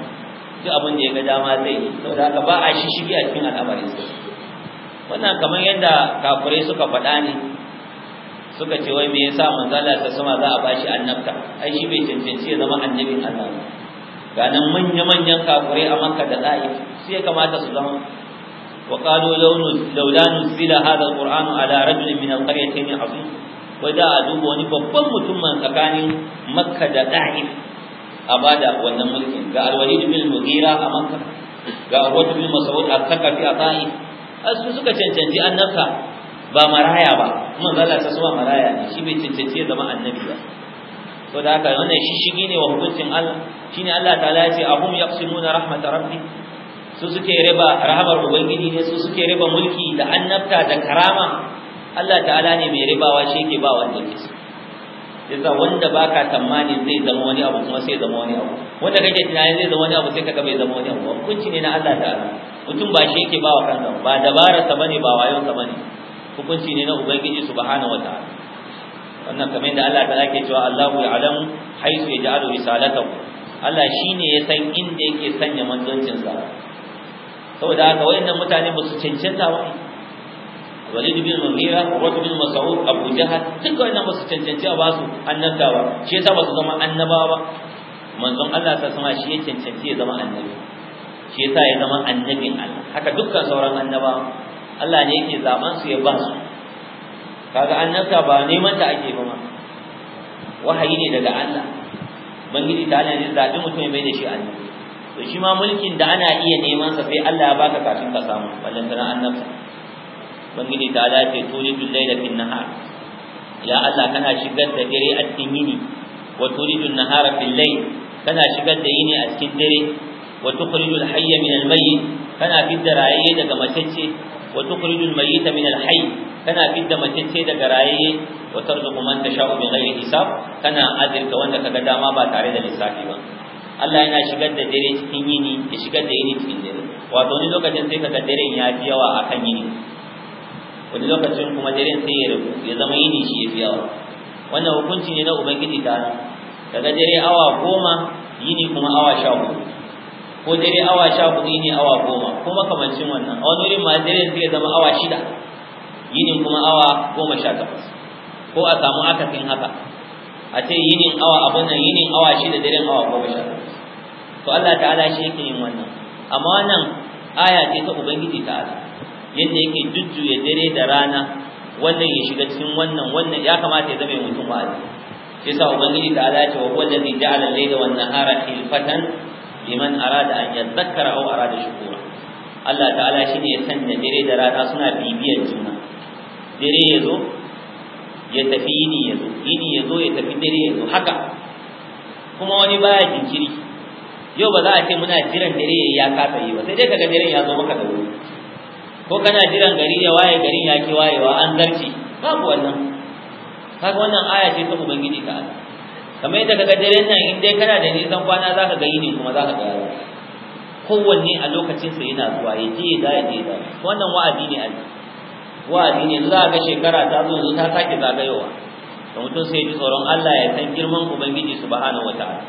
duk abin da ya ga dama zai yi da haka ba a shishigi a cikin al'amarin sa wannan kamar yadda kafirai suka faɗa ne suka ce wai me yasa manzala ta sama za a bashi annabta ai shi bai cancanci ya zama annabin Allah ga nan manya-manyan kafirai a Makka da Ta'if sai ya kamata su zama wa qalu laula nuzila hadha alquran ala rajul min alqaryatayn azim wai da a duba wani babban mutum man tsakanin Makka da Ta'if a bada wannan mulkin ga al-Walid bin Mughira a Makka ga Abu bin Mas'ud a Thaqafi a Ta'if asu suka cancanci annabta ba maraya ba kuma zalla ta zuwa maraya ne shi bai cancanci zama annabi ba to da haka wannan shishigi ne wa hukuncin Allah shine Allah ta'ala ya ce ahum yaqsimuna rahmat rabbi su suke riba rahmar ubangiji ne su suke riba mulki da annabta da karama Allah ta'ala ne mai ribawa shi ke ba wanda ke so yasa wanda baka tsammani zai zama wani abu kuma sai zama wani abu wanda kake tunanin zai zama wani abu sai kaga bai zama wani abu hukunci ne na Allah ta'ala mutum ba shi yake ba wa kansa ba dabara ta bane ba wayon ta bane hukunci ne na ubangiji subhanahu wataala wannan kamar da Allah ta'ala ke cewa Allahu ya'lamu haythu yaj'alu risalatahu Allah shine ya san inda yake sanya manzoncin sa saboda haka wayannan mutane ba su cancanta ba Walid bin Mughira, Urwa bin Mas'ud, Abu Jahal duk wayannan ba su cancanci a basu annabawa shi yasa ba su zama annabawa ba manzon Allah ta sama shi ya cancanci ya zama annabi shi yasa ya zama annabin Allah haka dukkan sauran annabawa Allah ne yake zaban su ya ba su kaga annabta ba neman ta ake ba ma wahayi ne daga Allah bangiji ta Allah ne zabi mutum ya mai da shi annabi to shi ma mulkin da ana iya neman sa sai Allah ya baka kafin ka samu ballantana annabta bangiji ta Allah ce tulidul layla fin nahar ya Allah kana shigar da dare a cikin yini wa tulidul nahara fil layl kana shigar da yini a cikin dare wa tukhrijul hayya min al mayyit kana fitar raye daga matacce wa mai mayyita min al-hayy kana fidda matacce daga raye wa tarzuqu man tasha'u bi ghairi hisab kana azirka wanda kaga dama ba tare da lissafi ba Allah yana shigar da dare cikin yini ya shigar da yini cikin dare wato wani lokacin sai kaga daren ya fi yawa akan yini wani lokacin kuma daren sai ya zama yini shi yawa wannan hukunci ne na ubangiji ta daga dare awa goma yini kuma awa sha ko dare awa sha hudu ne awa goma ko makamancin wannan a wani wurin ma dare zai zama awa shida yinin kuma awa goma sha takwas ko a samu akasin haka a ce yinin awa abin nan yinin awa shida daren awa goma sha takwas to Allah ta'ala shi yake yin wannan amma wannan aya ce ta ubangiji ta'ala yadda yake jujjuya dare da rana wannan ya shiga cikin wannan wannan ya kamata ya zama mutum wa'azi sai sa ubangiji ta'ala ya ce wa huwa ja'ala laila layla wan nahara khilfatan liman arada an yadhakkara aw arada shukura Allah ta'ala shine ya sanya dare da rana suna bibiyar juna dare yazo ya tafi yini yazo yini yazo ya tafi dare yazo haka kuma wani baya jinkiri yau ba za a ce muna jiran dare ya kasa yi ba sai dai kaga dare ya zo maka da wuri ko kana jiran gari ya waye garin ya ki wayewa an zarci babu wannan kaga wannan aya ce ta ubangiji ta Allah kamar yadda kaga daren nan in dai kana da nisan kwana zaka ga yini kuma zaka ga kowanne a lokacin sa yana zuwa ya je da ya je da wannan wa'adi ne Allah wa'adi ne za ga shekara ta zo ta sake zagayowa to mutum sai ji tsoron Allah ya san girman ubangiji subhanahu wataala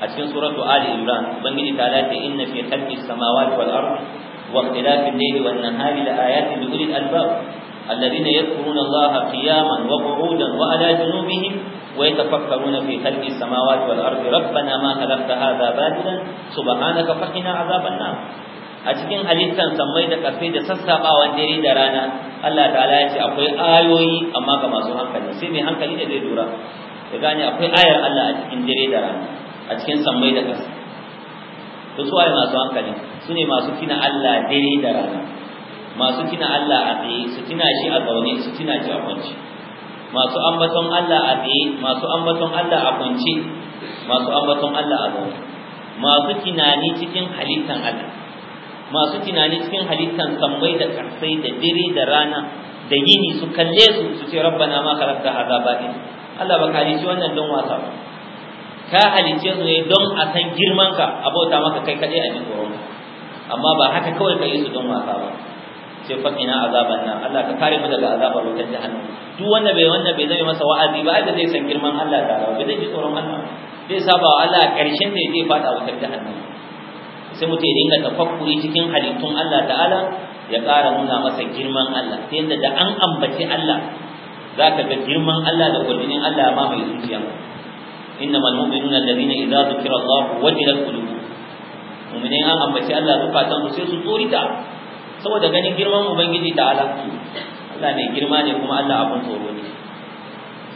a cikin suratu ali imran ubangiji ta lati inna fi khalqis samawati wal ardi wa ikhtilafil layli wan nahari la ayatin li ulil albab الذين يذكرون الله قياما وقعودا وعلى جنوبهم ويتفكرون في خلق السماوات والأرض ربنا ما خلقت هذا باطلا سبحانك فقنا عذاب النار a cikin halittan sammai da ƙarfi da sassaɓawan dare da rana Allah ta'ala ya ce akwai ayoyi amma ga masu hankali sai mai hankali ne zai lura ya gane akwai ayar Allah a cikin dare da rana a cikin sammai da ƙasa su masu hankali su ne masu kina Allah dare da rana masu kina Allah a tsaye su tina shi a zaune su tina shi a kwance masu ambaton Allah a tsaye masu ambaton Allah a kwance masu ambaton Allah a zaune masu tunani cikin halittan Allah masu tunani cikin halittan sammai da karsai da dire da rana da yini su kalle su su ce rabbana ma khalaqta hadha batil Allah baka shi wannan don wasa ba ka halice su ne don a san girman ka abota maka kai kadai a cikin amma ba haka kawai ka yi su don wasa ba sai fa ina azaban nan Allah ka kare mu daga azabar wutar jahannam duk wanda bai wanda bai zai masa wa'azi ba da zai san girman Allah da rawa bai zai ji tsoron Allah zai saba wa Allah karshen ne zai fada wutar jahannam sai mutum ya dinga tafakkuri cikin halittun Allah ta'ala ya ƙara nuna masa girman Allah ta yadda da an ambaci Allah za ka ga girman Allah da kullinin Allah ma mai zuciya innamal mu'minuna alladhina idza dhukira Allah wajilat qulubuhum mu'minin an ambaci Allah zukatan su sai su tsorita saboda ganin girman ubangiji ta'ala Allah mai girma ne kuma Allah abun tsoro ne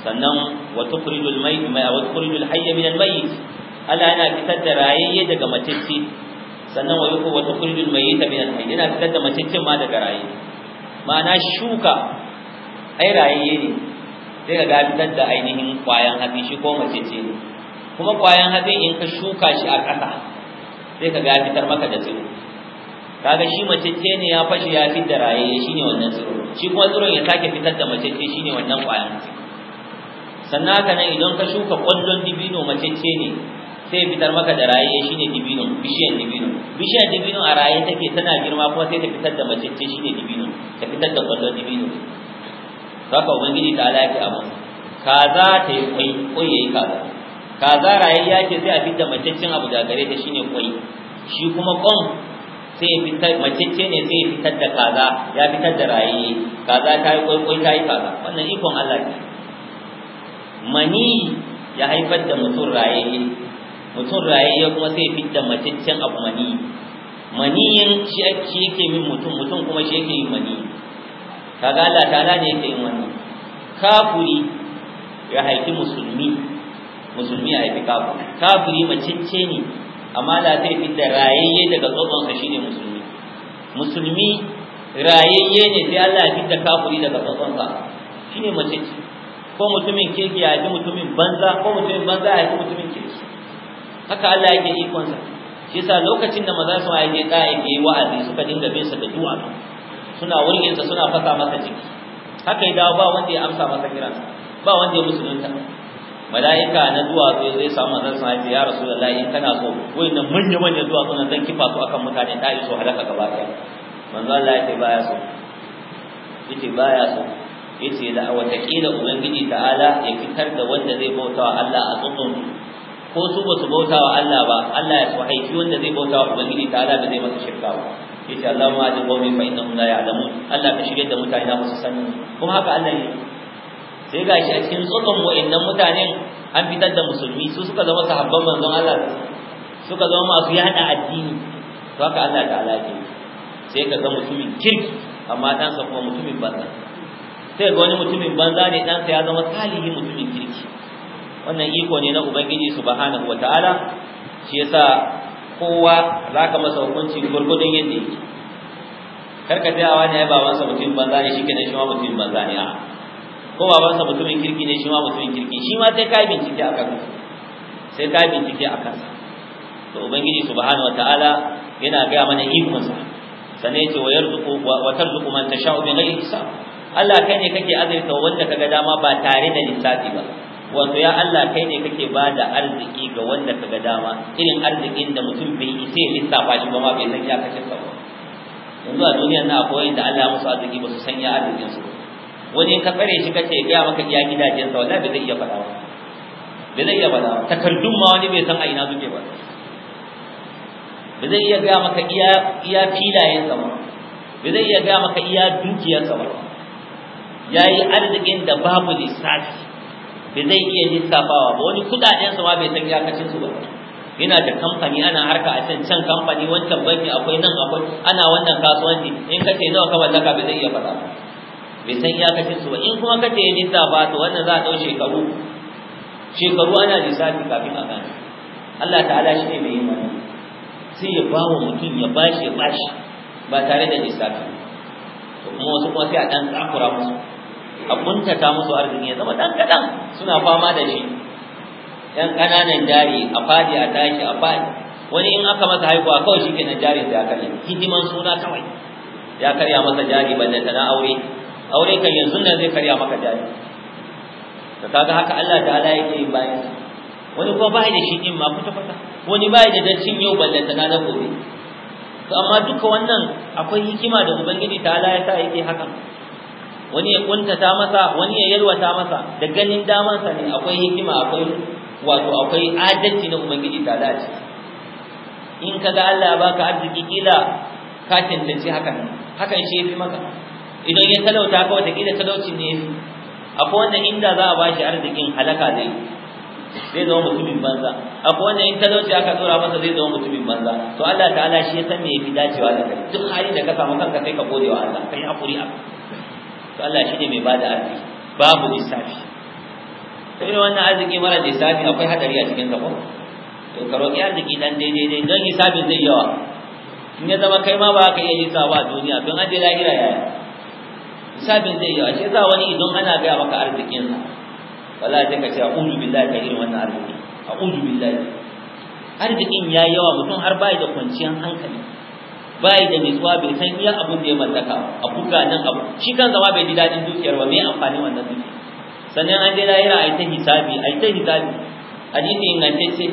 sannan wa tukhrijul mayyit ma wa tukhrijul hayy min al mayyit Allah yana fitar da rayayye daga matacce sannan wa yuhu wa tukhrijul mayyita min al hayy yana fitar da mataccen ma daga rayi ma'ana shuka ai rayayye ne sai ka fitar da ainihin kwayan hatsi shi ko matacce ne kuma kwayan hatsi in ka shuka shi a ƙasa sai ka ga fitar maka da tsiro kaga shi macece ne ya fashe ya fitar raye shine wannan tsiro shi kuma tsiron ya sake fitar da macece shine wannan kwayan sannan haka nan idan ka shuka kwallon dibino macece ne sai fitar maka da raye shine dibino bishiyar dibino bishiyar dibino a raye take tana girma kuma sai ta fitar da macece shine dibino ta fitar da kwallon dibino haka ubangiji ta alaƙi abu kaza ta yi kwai kwai yi kaza kaza raye ya ce sai a fitar macecen abu da gare ta shine kwai shi kuma kwan sai fitar macece ne sai fitar da kaza ya fitar da rayi kaza ta yi kwaikwai ta yi kaza wannan ikon Allah ne mani ya haifar da mutum raye mutum raye ya kuma sai fitar da macecen abu mani maniyin shi shi yake min mutum mutum kuma shi yake yin mani kaga Allah ta'ala ne yake yin mani kafuri ya haifi musulmi musulmi ya haifi kafuri kafuri macece ne amma da fi da rayayye daga tsotsonsa shine musulmi musulmi rayayye ne sai Allah ya fitta kafiri daga tsotsonsa shine mace ce ko mutumin kirki ya ji mutumin banza ko mutumin banza ya ji mutumin kirki haka Allah yake ikonsa shi yasa lokacin da maza su aje ɗaya ke yi wa'azi suka dinga bin sa da du'a suna sa suna fasa masa ciki haka ya dawo ba wanda ya amsa masa kiransa ba wanda ya musulunta mala'ika na duwatsu zai samu manzon sa ya rasu da layi in kana so wayannan manya manya duwatsu na zan kifa su akan mutane da iso halaka gaba daya manzo Allah yake baya so yake baya so yace da watakila ubangiji ta'ala ya fitar da wanda zai bautawa Allah a tsotson ko su ba su bautawa Allah ba Allah ya so haifi wanda zai bautawa ubangiji ta'ala ba zai masa shirka ba yace Allah ma da qawmi fa innahum la ya'lamun Allah ka shirye da mutane na musu sani kuma haka Allah yi. sai ga shi a cikin wa'in wa'annan mutanen an fitar da musulmi su suka zama sahabban manzon Allah suka zama masu yada addini to haka Allah ta alaƙe sai ka ga mutumin kirki amma ɗansa kuma mutumin banza sai ga wani mutumin banza ne ɗansa ya zama talihin mutumin kirki wannan iko ne na ubangiji subhanahu wataala shi yasa kowa zaka masa hukunci gurgudun yadda yake karka tayawa ne ya babansa mutum banza ne shikenan shi ma mutum banza ne a'a ko babansa mutumin kirki ne shi ma mutumin kirki shi ma sai kai bincike a kansa sai kai bincike a kansa to ubangiji subhanahu wataala yana ga mana ikonsa sannan yace wa yarzuqu wa tarzuqu man tasha'u bighairi hisab Allah kai ne kake azurta wanda kaga dama ba tare da lissafi ba wato ya Allah kai ne kake bada arziki ga wanda kaga dama irin arzikin da mutum bai ise lissafa shi ba ma bai san ya kace ba yanzu a duniya na akwai da Allah ya musu arziki ba su san ya arzikin su ba wani ka tsare shi kace ya maka iya gidajensa wallahi bai iya fada ba bai zai iya fada ba takardun ma wani bai san a ina suke ba bai zai iya ga maka iya iya filayensa ba bai zai iya ga maka iya dukiyarsa ba yayi arzikin da babu lissafi bai zai iya lissafawa ba wani sa ma bai san iyakacin su ba yana da kamfani ana harka a can can kamfani wancan banki akwai nan akwai ana wannan kasuwanci in kace nawa ka mallaka bai zai iya fada ba bai san iyakacin su ba in kuma kace ne nisa ba to wannan za a dau shekaru shekaru ana lissafi kafin a gane Allah ta'ala shi ne mai yin wannan sai ya ba wa mutum ya bashi ya bashi ba tare da lissafi to kuma wasu kuma sai a dan tsakura musu a kuntata musu arziki ya zama dan kadan suna fama da shi yan kananan jari a fadi a tashi a fadi wani in aka masa haihuwa kawai shi kenan jarin da ya karya hidiman suna kawai ya karya masa jari balle tana aure aure kan yanzu nan zai karya maka jari to kaga haka Allah ta'ala yake yin bayan wani kuma bai da shi din ma kuta kuta wani bai da dancin yau balle ta na gobe to amma duka wannan akwai hikima da ubangiji ta'ala ya sa yake haka wani ya ta masa wani ya yalwata masa da ganin sa ne akwai hikima akwai wato akwai adalci na ubangiji ta'ala ciki in kaga Allah baka arziki kila ka tantance hakan hakan shi yafi maka idan ya talauta ka kila talaucin ne akwai wanda inda za a bashi arzikin halaka zai zai zama mutumin banza akwai wanda in talauci aka tsora masa zai zama mutumin banza to Allah ta'ala shi ya san me yafi dacewa da kai duk hali da ka samu kanka kai ka gode wa Allah kai hakuri a to Allah shi ne mai bada arziki babu lissafi to irin wannan arziki mara lissafi akwai hadari a cikin sa ko to ka roki arziki dan daidai dai don hisabin zai yawa in ya zama kai ma ba ka iya yi sa ba duniya don an je lahira yaya sabin zai yi a shi za wani idan ana gaya maka arzikin sa wala sai ka ce a'udhu billahi ka irin wannan arziki a'udhu billahi arzikin ya yi yawa mutum har bai da kwanciyar hankali bai da nutsuwa bai san iya abun da ya mallaka a buga nan abu shi kan zama bai ji daɗin dukiyar ba mai amfani wannan dukiya sannan an je lahira ai ta hisabi ai ta hisabi hadisi ingantacce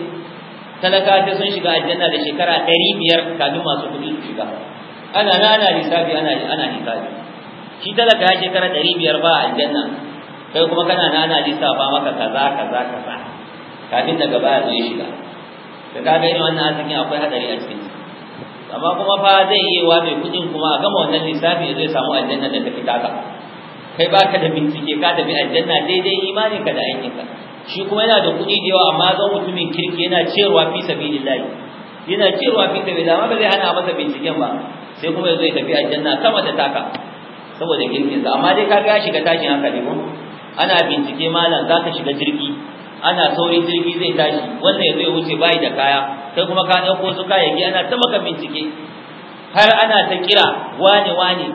talaka ta sun shiga aljanna da shekara 500 kafin masu kuɗi su shiga ana na ana lissafi ana ana hisabi shi talaka ya shekara ɗari biyar ba a aljanna kai kuma kana nana ba maka kaza kaza kaza kafin daga baya zai shiga shiga ka kaga irin wannan arzikin akwai hadari a cikin amma kuma fa zai iya wa mai kuɗin kuma a gama wannan lissafi zai samu aljanna da tafi taka kai baka da bincike ka tafi aljanna daidai imanin ka da aikin ka shi kuma yana da kuɗi da yawa amma zan mutumin kirki yana ciyarwa fi sabilillah yana ciyarwa fi sabilillah amma ba zai hana masa binciken ba sai kuma zai tafi aljanna sama da taka saboda girkinsa amma dai kaga ya shiga tashin hankali ko ana bincike malam za ka shiga jirgi ana saurin jirgi zai tashi wannan ya zai wuce bayi da kaya sai kuma ka ɗauko su kayayyaki ana ta maka bincike har ana ta kira wane wane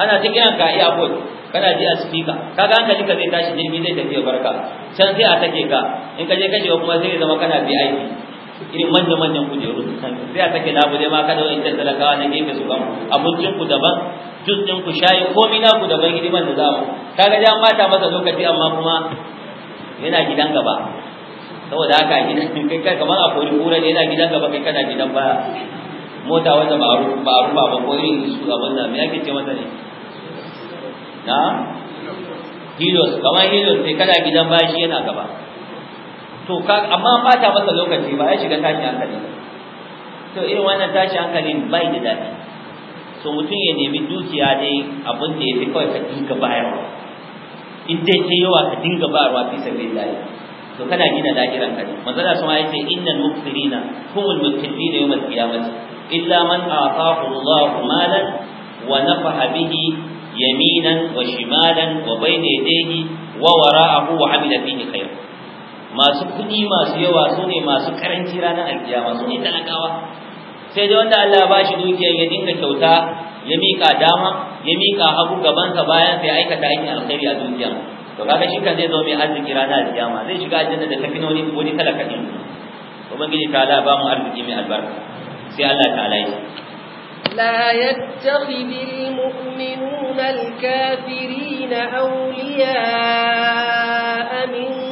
ana ta kiran ka iya airport kana ji a speaker kaga hankali ka zai tashi jirgi zai tafi barka can sai a take ka in ka je ka kuma sai ya zama kana aiki. irin manya-manyan kujeru su sami sai a sake dai ma kada wani talakawa na gefe su gama abincin ku daban Jus din ku shayi komi na ku daban hidiman da za mu kaga jan mata masa lokaci amma kuma yana gidan gaba saboda haka gidan kai kamar a kori kura ne yana gidan gaba kai kana gidan baya mota wanda ba ba ruba ba ko irin su abin da me yake ce masa ne na hilos kamar hilos ne kana gidan baya shi yana gaba to ka amma bata masa lokaci ba ya shiga tashi hankali to irin wannan tashi hankali bai da dadi. so mutum ya nemi dukiya dai abin da ya fi kawai ka dinga bayarwa in dai ke yawa ka dinga bayarwa fi sabbin layi to kana gina lahiran ka ne manzala sun ya ce innal muqsirina humul muttaqina yawmal qiyamah illa man ataahu Allah malan wa nafaha bihi yaminan wa shimalan wa bayna yadayhi wa wara'ahu wa amila fihi masu kuɗi masu yawa su ne masu ƙaranci ranar alkiyama su ne talakawa sai dai wanda Allah ba shi dukiya ya dinga kyauta ya miƙa dama ya miƙa hagu gabansa bayan sai aikata aikin alkhairi a dukiyar to kaga shi kan zai zo mai arziki ranar alkiyama zai shiga aljanna da tafi wani wani talaka din ubangiji ta Allah ba mu arziki mai albarka sai Allah ta alaihi لا يتخذ المؤمنون الكافرين أولياء من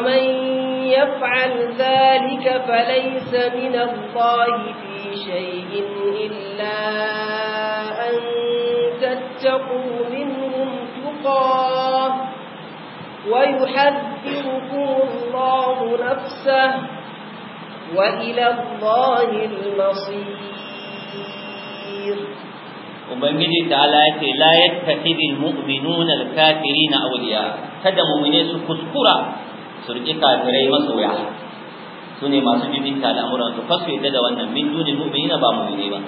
ومن يفعل ذلك فليس من الله في شيء إلا أن تتقوا منهم تقاه ويحذركم الله نفسه وإلى الله المصير Ubangiji ta'ala ya ce la yattakhidul mu'minuna al-kafirina awliya kada mu'mine su kuskura su riƙi kafirai masoya su ne masu bibinta da amuran su fasfe yadda da wannan min dunin mu'minina ba mu'mini ba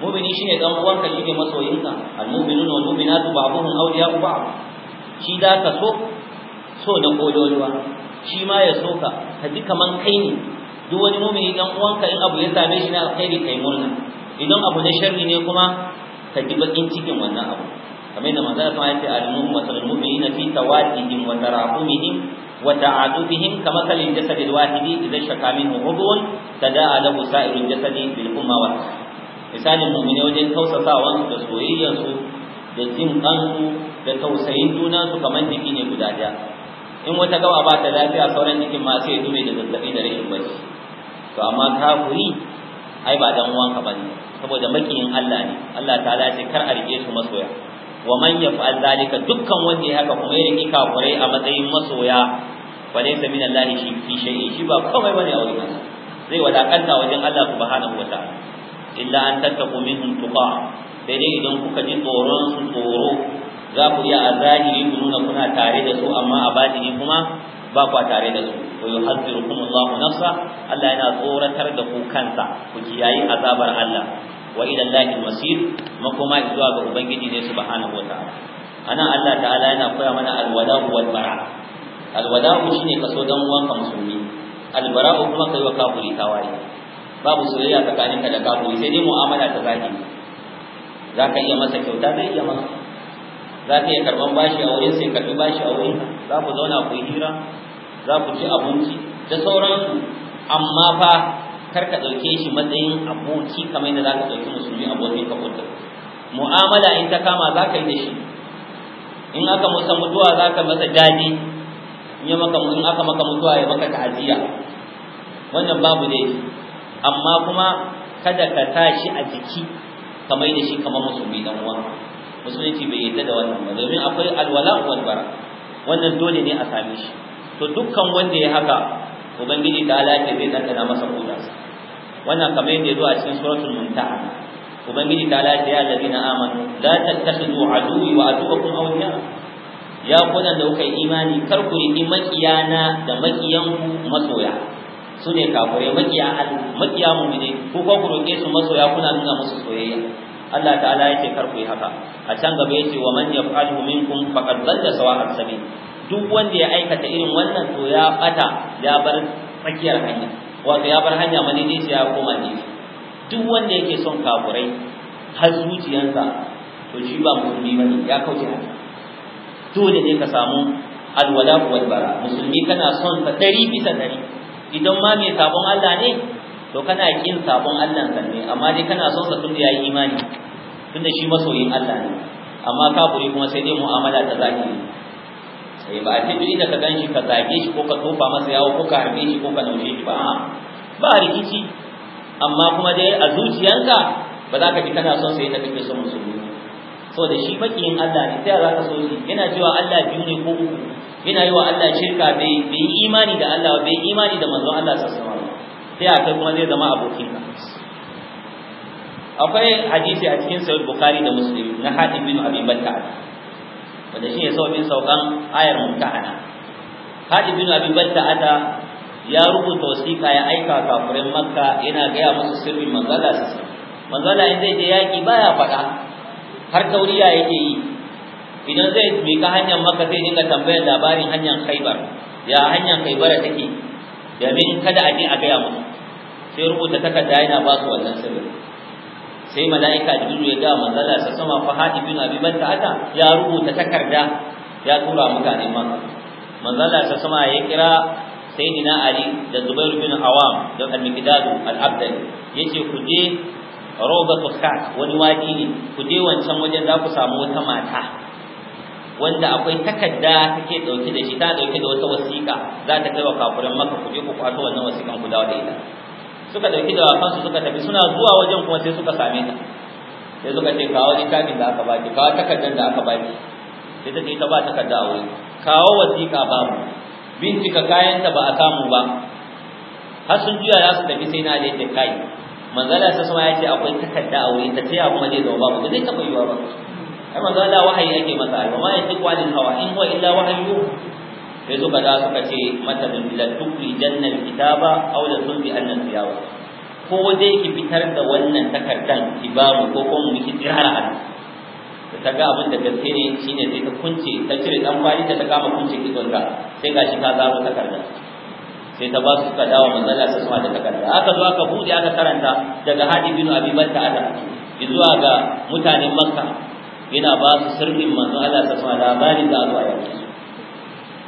mu'mini shine dan uwanka shine masoyinka al-mu'minun wal mu'minatu ba'dhum awliya'u ba'd shi da ka so so na kodoluwa shi ma ya so ka ji kaman kai ne duk wani mu'mini dan uwanka in abu ya same shi na alkhairi kai murna idan abu na sharri ne kuma ka ji bakin cikin wannan abu kamar yadda manzo ya ce al-mu'minu masalul mu'minina fi tawaddihim wa tarahumihim وتعاذبهم كمثل الجسد الواحد إذا شكا منه عضو تداعى له سائر الجسد بالأمة والحسن مثال المؤمنين وجد كوسا ساوان تسوئي ينسو دجين قنسو دتوسين دونانسو كمان جكين يقداجا إن وتقوى أبا تدافع صورا جكين ما سيدو من الزبين رئيس بس فأما كافري أي بعد أموان كمان saboda makiyin Allah ne Allah ta'ala ce kar a rike su masoya wa man yaf'al dukkan wanda ya haka kuma ya riki a matsayin masoya fa laysa min Allah shi fi shi ba komai bane a wurin zai wadakanta wajen Allah subhanahu wa ta'ala illa an tattaku minhum tuqa sai dai idan kuka ji tsoron su tsoro za ku iya azahiri ku nuna kuna tare da su amma a batini kuma ba kwa tare da su wa yuhadhirukum Allahu nafsa Allah yana tsoratar da ku kansa ku kiyayi azabar Allah wa ila Allahil masir makoma zuwa ga ubangiji ne subhanahu wataala ana Allah ta'ala yana koya mana alwala'u wal bara alwala'u shine kaso dan ka musulmi albara'u kuma kai wa kafiri tawaye babu soyayya tsakaninka da kafiri sai dai mu'amala ta zaki zaka iya masa kyauta zai iya maka zaka iya karban bashi a wurin sai karbi bashi a wurin za ku zauna ku hira za ku ci abinci da sauransu amma fa kar ka ɗauke shi matsayin aboki kamar yadda za ka ɗauki musulmi abokin ka kwanta. mu'amala in ta kama za ka yi da shi in aka musa mutuwa za ka masa daɗi in aka maka mutuwa ya maka ta'aziyya wannan babu dai amma kuma kada ka sa shi a jiki kamar da shi kamar musulmi dan uwa musulunci bai yarda da wannan ba domin akwai alwala wal bara wannan dole ne a same shi to dukkan wanda ya haka ubangiji ta alaƙe zai ɗanɗana masa kodarsa wannan kamar yadda zuwa cikin suratul muntaha ubangiji ta lati ya allazina amanu la tattakhidu aduwi wa aduwakum awliya ya kuna da kuka imani kar ku riƙi makiyana da makiyanku masoya su ne kafure makiya makiya mu'mini ko ko ku roke su masoya kuna nuna musu soyayya Allah ta'ala yake kar ku yi haka a can gaba yake wa man yaf'alu minkum faqad dalla sawa'a sabil duk wanda ya aikata irin wannan to ya bata ya bar tsakiyar hanya wato ya bar hanya ne sai ya koma ne duk wanda yake son kafurai har zuciyarsa to shi ba musulmi bane ya kauce haka dole ne ka samu alwala wal bara musulmi kana son sa dari bisa dari idan ma mai sabon Allah ne to kana kin sabon Allah kan ne amma dai kana son sa tunda yayi imani tunda shi masoyin Allah ne amma kafuri kuma sai dai mu'amala ta zahiri eh ba a ce duk inda ka ganshi ka zage shi ko ka tofa masa yawo ko ka harbe shi ko ka naushe shi ba ba rikici amma kuma dai a zuciyanka ba za ka ji kana son sai ta kake son musulmi saboda shi makiyin Allah ne sai za ka so shi yana cewa Allah biyu ne ko uku yana yi wa Allah shirka bai bai imani da Allah bai imani da manzon Allah sallallahu alaihi wasallam sai a kai kuma zai zama abokin ka akwai hadisi a cikin sahih bukhari da muslim na hadith bin abi battah wanda shi ne saukin saukan ayar mutahana Hadi bin Abi Batta'ata ya rubuta wasiƙa ya aika kafirin Makka yana gaya musu sirrin manzala manzala in zai je yaƙi baya faɗa har tauriya yake yi idan zai mika hanyar Makka sai dinga tambayar labarin hanyar Khaibar ya hanyar Khaibar take domin kada a je a gaya musu sai rubuta takarda yana ba su wannan sirrin sai mala'ika jibril ya ga manzala sai sama fa hadi bin abi baltaata ya rubuta takarda ya tura ne man manzala sai sama ya kira sayyidina ali da zubair bin awam da al-miqdad al-abdal yace ku je rawdatu khat wani wadi ne ku je wancan wajen za ku samu wata mata wanda akwai takarda take dauke da shi ta dauke da wata wasiƙa za ta kai wa kafirin maka ku je ku kwato wannan wasiƙan ku dawo da ita suka dauki dawakansu suka tafi suna zuwa wajen kuma sai suka same ta sai suka ce kawo littafin da aka baki kawo takardar da aka baki sai ta ce ta ba takarda a wuri kawo wasiƙa babu bincika kayanta ba a samu ba har sun juya za su tafi sai na da yake kai manzala ta sama ya ce akwai takarda a wuri ta ce ya kuma zai zama babu ba zai taɓa yiwa ba ai manzala wahayi ake masa ai ma ya ce kwalin hawa in wa illa wahayu sai suka za suka ce mata bin la tukri jannal kitaba aw la tulbi annal siyawa ko dai ki fitar da wannan takardan ki ba mu ko kuma mu ki tsirara da ta ga abin da gaske ne shine sai ta kunce ta cire dan da ta kama kunce ki gonga sai gashi ka zabo takardan sai ta ba su suka dawo manzala su sama da takarda aka zo aka bude aka karanta daga hadi bin abi batta ada zuwa ga mutanen makka yana ba su sirrin manzo Allah ta sama labarin da zuwa yake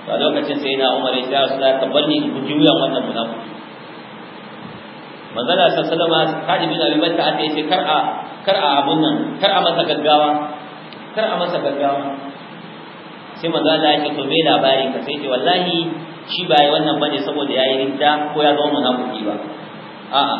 a lokacin sai na umar ya su da ka bar ni juya wannan munafiki manzala sa sallama kaji bin abi bakka an yace kar a kar a abun nan kar a masa gaggawa kar a masa gaggawa sai manzala yake to me labari ka sai ce wallahi shi ba yi wannan bane saboda yayi rinta ko ya zama munafiki ba a'a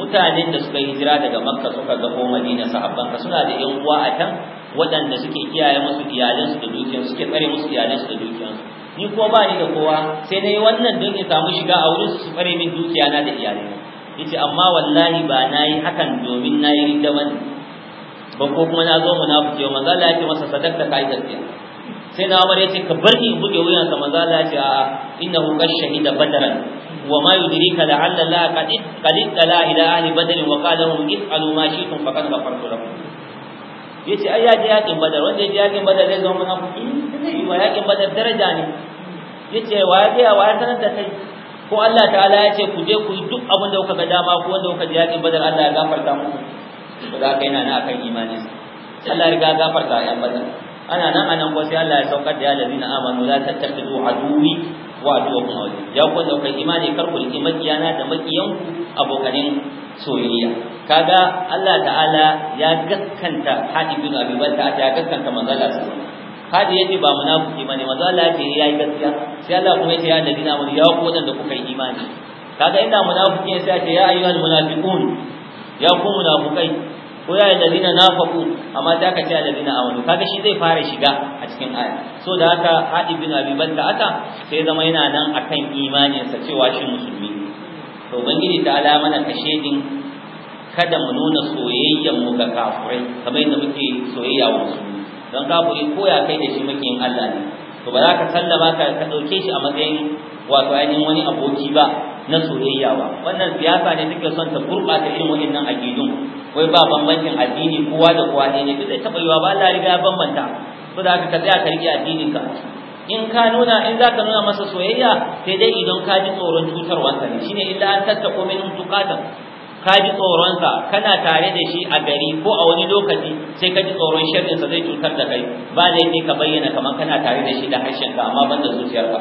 mutanen da suka hijira daga makka suka gafo madina sahabban ka suna da yan uwa a can waɗanda suke kiyaye musu iyalansu da dukiyansu suke tsare musu iyalansu da dukiyansu ni ko ba ni da kowa sai yi wannan don in samu shiga a wurin su bare min dukiya na da iyalai yace amma wallahi ba nayi hakan domin nayi ridda ne. ba ko kuma na zo munafiki wa manzo Allah ya ce masa sadaka kai gaskiya sai na ya yace ka bar ni buge wuyan sa manzo Allah ya ce a innahu qad shahida badran wa ma yudrika la'alla la qad qad la ila ahli badr wa qala shi if'alu ma shi'tum faqad ghafartu lakum yace ai ya je yakin badar wanda ya je yakin badar zai zama munafiki zai yi yakin badar daraja ne yace wa ya biya wa ya sanar da kai ko Allah ta'ala ya ce ku je ku yi duk abin da kuka ga dama ko wanda kuka ji yakin badar Allah ya gafarta muku to da kai na na akan imanin Allah ya riga gafarta ya badar ana nan anan ko sai Allah ya saukar da ya amanu la tattakhidhu aduwi wa aduwakum awliya ya ku da kai imani kar ku riki makiyana da makiyan abokanin soyayya kaga Allah ta'ala ya gaskanta hadibin abubakar ya gaskanta manzala sallallahu hadi yace ba munafiki bane manzo Allah yace eh, yayi gaskiya sai Allah kuma yace ya na amanu ya ku da kuka yi imani kaga inda munafiki yace sai yace ya ayyuhal munafiqun ya ku munafikai ko ya ladina nafaku amma da aka ce ya ladina amanu kaga shi zai fara shiga a cikin aya so da haka hadi bin abi balta aka sai zama yana nan akan sa cewa shi musulmi to ubangiji ta ala mana din kada mu nuna soyayyen mu ga kafurai kamar yadda muke soyayya wa musulmi don kafiri ko ya kai da shi makiyin Allah ne to ba za ka sallama ka ka dauke shi a matsayin wato ainihin wani aboki ba na soyayya ba wannan siyasa ne take son ta gurbata irin waɗannan aqidun wai ba bambancin addini kowa da kowa ne duk Sai taɓa yiwa ba Allah riga ya bambanta to da ka tsaya ka rike addinin ka in ka nuna in za ka nuna masa soyayya sai dai idan ka ji tsoron cutarwarsa ne shine illa an tattako min tukatan ka ji tsoronsa kana tare da shi a gari ko a wani lokaci sai ka ji tsoron shirinsa zai cutar da kai ba laifi ka bayyana kamar kana tare da shi da harshenka amma ban da zuciyarka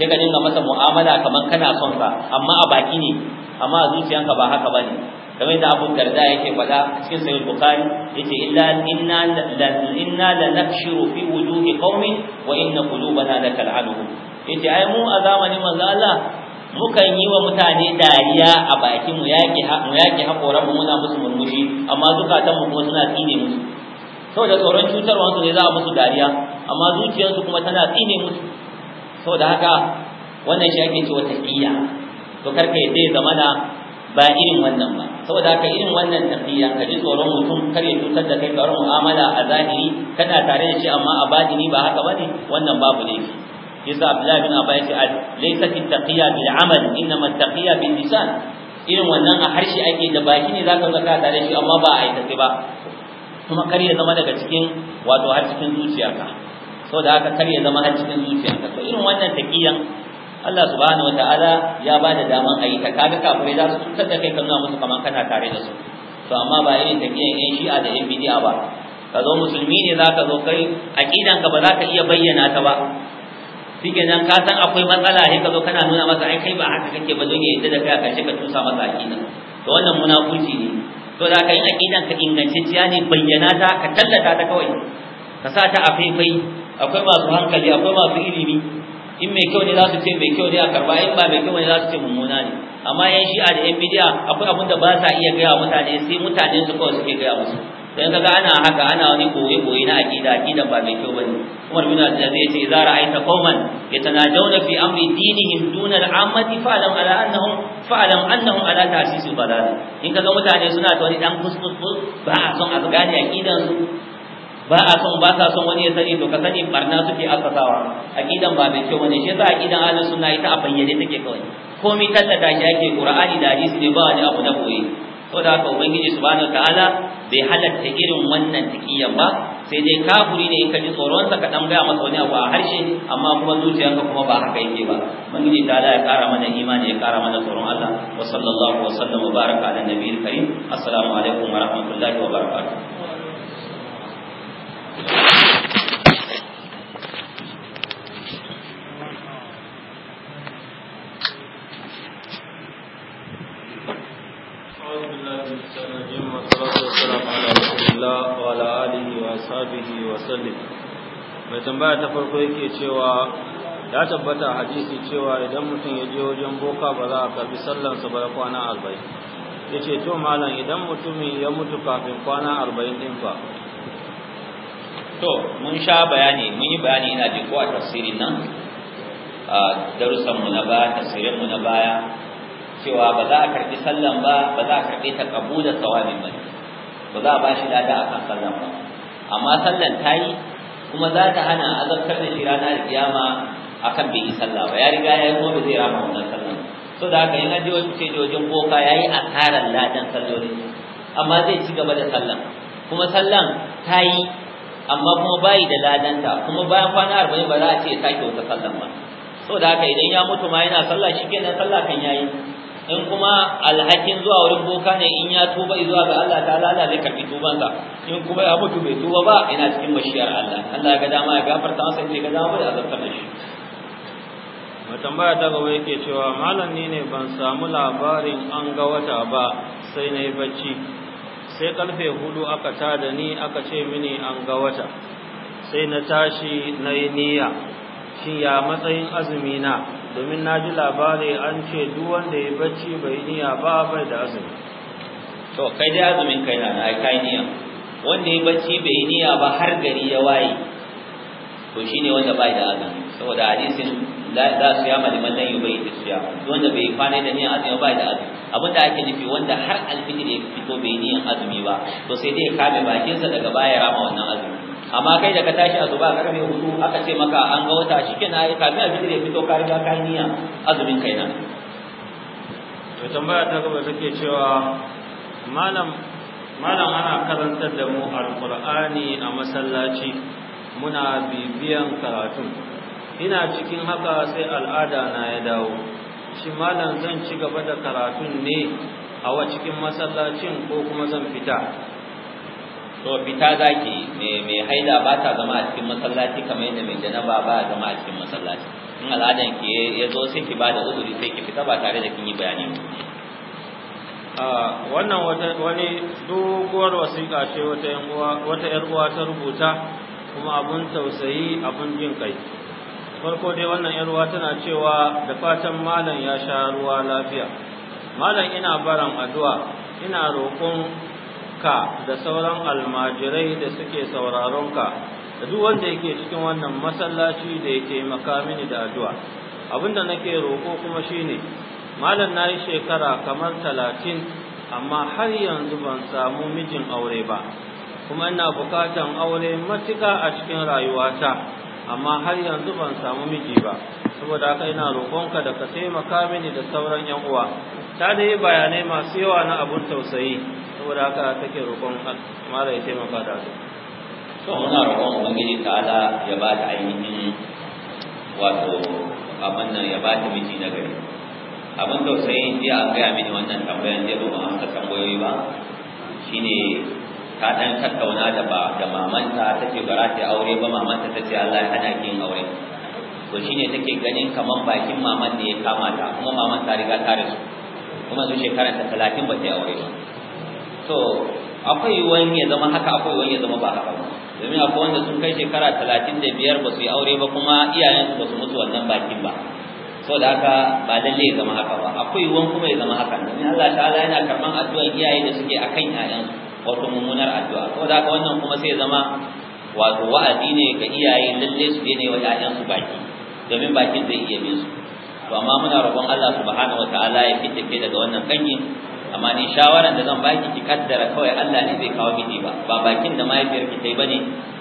sai ka dinga masa mu'amala kamar kana son sa amma a baki ne amma a zuciyanka ba haka bane kamar da Abu Darda yake faɗa cikin Sahih Bukhari yace illa inna la inna la nakshuru fi wujuhi qaumin wa inna qulubana la tal'anuhum yace ai mu a zamanin manzo Allah mukan yi wa mutane dariya a baki mu yaki mu mu muna musu murmushi amma zukatan mu kuma suna tsine musu saboda tsoron cutarwa su ne za a musu dariya amma zuciyarsu kuma tana tsine musu saboda haka wannan shi ake cewa taqiya to karka yadda ya zama da ba irin wannan ba saboda haka irin wannan taqiya ka ji tsoron mutum kar ya cutar da kai tsoron mu'amala a zahiri kana tare da shi amma a batini ba haka bane wannan babu laifi yasa Abdullah bin Abbas yace laysa fi taqiya bil amal inma taqiya bil lisan irin wannan a harshe ake da baki ne zaka zaka tare shi amma ba a yi aikace ba kuma kar ya zama daga cikin wato har cikin zuciyarka saboda haka kar ya zama har cikin zuciyarka to irin wannan taqiyan Allah subhanahu wataala ya ba da daman a yi ta kaga kafirai za su cutar da kai ka nuna musu kamar kana tare da su to amma ba irin taqiyan yan shi'a da yan bid'a ba ka zo musulmi ne za ka zo kai aqidan ba za ka iya bayyana ta ba nan ka san akwai matsala sai ka zo kana nuna masa ai kai ba haka kake ba don ya yadda da kai ka tusa masa aqida to wannan munafurci ne to da kai aqidan ka ingantacciya ne bayyana ta ka tallata ta kawai ka sa ta a faifai akwai masu hankali akwai masu ilimi in mai kyau ne za su ce mai kyau ne a karba in ba mai kyau ne za su ce mummuna ne amma yan shi'a da yan bidiya akwai abin da ba sa iya gaya mutane sai mutane su kawai suke gaya musu dan kaga ana haka ana wani koyi koyi na akida akida ba mai kyau bane Umar bin Abdul Aziz yace idza ra'aita qauman yatanajawna fi amri dinihim duna al-ammati fa'lam ala annahum fa'lam annahum ala ta'sis al-balad in kaga mutane suna ta wani dan kuskus ba a son a gane akidan su ba a son ba sa son wani ya sani to ka sani barna suke asasawa akidan ba mai kyau bane shi yasa akidan ahlus sunna ita a bayyane take kawai komai tattata shi ake qur'ani da hadisi ne ba wani abu na koyi saboda haka ubangiji subhanahu ta'ala bai halatta irin wannan takiyan ba sai dai kafuri ne ka ji tsoronsa ka dan gaya masa wani abu a harshe amma kuma zuciyarka kuma ba haka yake ba ubangiji ta'ala ya kara mana imani ya kara mana tsoron Allah wa sallallahu wa sallama baraka ala nabiyil karim assalamu alaikum wa rahmatullahi wa barakatuh tambaya ta farko yake cewa ya tabbata hadisi cewa idan mutum ya je wajen boka ba za a karbi sallansa ba kwana arba'in ya ce to malam idan mutumin ya mutu kafin kwana arba'in din fa to mun sha bayani mun yi bayani ina jin ko a tafsirin nan a darussanmu na baya tafsirinmu na baya cewa ba za a karbi sallan ba ba za a karbi ta kabu da tsawabin ba ba za a ba shi lada akan sallan ba amma sallan ta yi kuma za ta hana azabtar da shi ranar kiyama akan bai yi sallah ba ya riga ya yi gobe zai rama wannan sallah so da haka yana jiwa ce jojin boka ya yi asarar ladan salloli amma zai ci gaba da sallan kuma sallan ta yi amma kuma bayi da ladanta kuma bayan kwana arba'in ba za a ce ya sake wata sallan ba so da haka idan ya mutu ma yana sallah shi kenan sallah kan yayi in kuma alhakin zuwa wurin boka ne in ya tuba zuwa ga Allah ta Allah zai karbi tubansa in kuma ya mutu bai tuba ba ina cikin mashiyar Allah Allah ya ga dama ya gafarta masa in ga dama ya azabtar da shi mai tambaya ta gaba yake cewa malam ni ne ban samu labarin an ga wata ba sai na yi bacci sai karfe hudu aka tada ni aka ce mini an ga wata sai na tashi na yi niyya shi ya matsayin azumi na domin na ji labari an ce duk wanda ya bacci bai niya ba bai da azumi to kai dai azumin kai na ai kai niya. wanda ya bacci bai niya ba har gari ya waye to shine wanda bai da azumi saboda hadisin la su ya yama liman lan yubayyi Duk wanda bai fane da niya azumi ba da azumi Abin da ake nufi wanda har alfijir ya fito bai niya azumi ba to sai dai ya kame bakinsa daga baya rama wannan azumi amma kai da ka tashi a zuba karfe hudu aka ce maka an ga wata shike na yi kafin a da ya fito ka riga kai niyya azumin kai to tambaya ta gaba take cewa malam malam ana karantar da mu alqur'ani a masallaci muna bibiyan karatu ina cikin haka sai al'ada na ya dawo shi malam zan ci gaba da karatun ne a wa cikin masallacin ko kuma zan fita to fita zaki mai haida ba ta zama a cikin masallaci kamar yadda mai janaba ba zama a cikin masallaci in al'adan ki ya zo sai ki ba da uzuri sai ki fita ba tare da kin yi bayani a wannan wani doguwar wasiƙa ce wata wata yar uwa ta rubuta kuma abun tausayi abun jin kai farko dai wannan yar uwa tana cewa da fatan malam ya sha ruwa lafiya malam ina baran addu'a ina roƙon ka da sauran almajirai da suke sauraron ka da duk wanda yake cikin wannan masallaci da ya taimaka mini da addu'a abinda nake roko kuma shine malam na yi shekara kamar talatin amma har yanzu ban samu mijin aure ba kuma ina bukatan aure matuka a cikin rayuwata amma har yanzu ban samu miji ba saboda haka ina roƙonka da ka taimaka mini da sauran yan uwa ta yi bayanai masu yawa na abun tausayi saboda haka take roƙon mara ya taimaka da su to muna roƙon ubangiji ala ya ba ta ainihin wato abin nan ya ba ta miji na gari abin tausayi ya an gaya mini wannan tambayan jiya ba an amsa tambayoyi ba shine ta dan tattauna da ba da mamanta ta ce ba za ta aure ba mamanta ta ce Allah ya hana ki yin aure to shine take ganin kamar bakin maman ne ya kama ta kuma maman ta riga ta rasu kuma su shekaranta talatin ba ta aure ba to akwai wani ya zama haka akwai wani ya zama ba haka ba domin akwai wanda sun kai shekara talatin da biyar ba su yi aure ba kuma iyayensu ba su mutu wannan bakin ba so da haka ba lalle ya zama haka ba akwai wani kuma ya zama haka domin Allah ta'ala yana karban addu'ar iyaye da suke akan iyayen wato mummunar addu'a so da haka wannan kuma sai ya zama wato wa'azi ne ga iyaye lalle su daina wa ƴaƴansu baki domin bakin zai iya bin su to amma muna roƙon Allah subhanahu wataala ya fice ke daga wannan kanyi amma ni shawaran da zan baki ki kaddara kawai Allah ne zai kawo miki ba ba bakin da mahaifiyar ki tai bane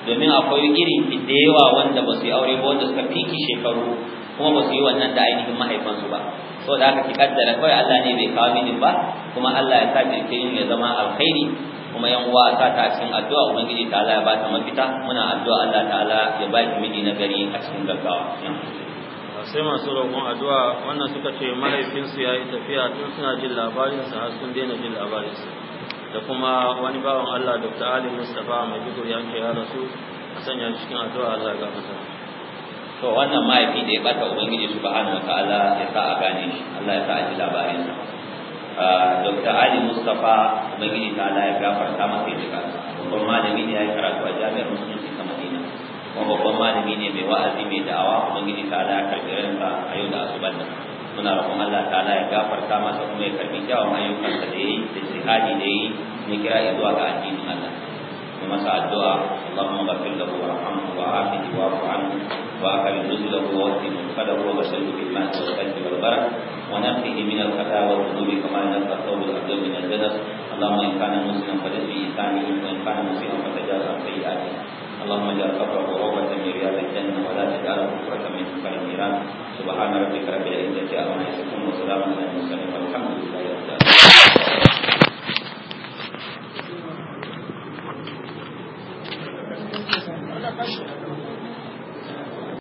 domin akwai irin ki da yawa wanda ba su yi aure ba wanda suka fiki shekaru kuma ba su yi wannan da ainihin mahaifansu ba saboda haka ki kaddara kawai Allah ne zai kawo miki ba kuma Allah ya sa kirkirin ya zama alkhairi kuma yan uwa sa ta cikin addu'a ubangiji ta Allah ya ba ta mafita muna addu'a Allah ta'ala ya baki ki miji na gari a cikin gaggawa sai masu roƙon addu'a wannan suka ce mahaifinsu ya yi tafiya tun suna jin labarinsa har sun daina jin labarinsa da kuma wani bawan Allah Dr. Ali Mustapha mai dukur ya ce ya rasu a sanya cikin addu'a Allah ga masa to wannan mahaifi da ya bata ubangiji subhanahu wataala ya sa a gane shi Allah ya sa a ji labarinsa Dr. Ali Mustapha ubangiji ta Allah ya gafarta masa ya ji kansa babban ya yi karatu a jami'ar musulunci kuma babban malami ne mai wa'azi mai da'awa ubangiji ta ala ya karbi ransa a yau da asuban nan muna roƙon Allah ta'ala ya gafarta masa kuma ya karbi kyawun ayyukansa da yayi da jihadi da yayi ne kira zuwa ga addinin Allah kuma sa addu'a Allahumma ghfir lahu warhamhu wa'afihi wa'fu anhu وأكرم نزله ووهد منخله وبشره بالماء والثلج والبرد ونقه من الخطا والذنوب كما ينقى الثوب الأبيض من الدنس اللهم إن كان مسلما فليس بإنسانه وإن كان مسلما فتجاوز عن سيئاته اللهم اجعل قبره روضة من رياض الجنة ولا تجعله حفرة من حفر النيران سبحان ربك رب العزة عما يصفون وسلام على المرسلين والحمد لله رب العالمين Thank you.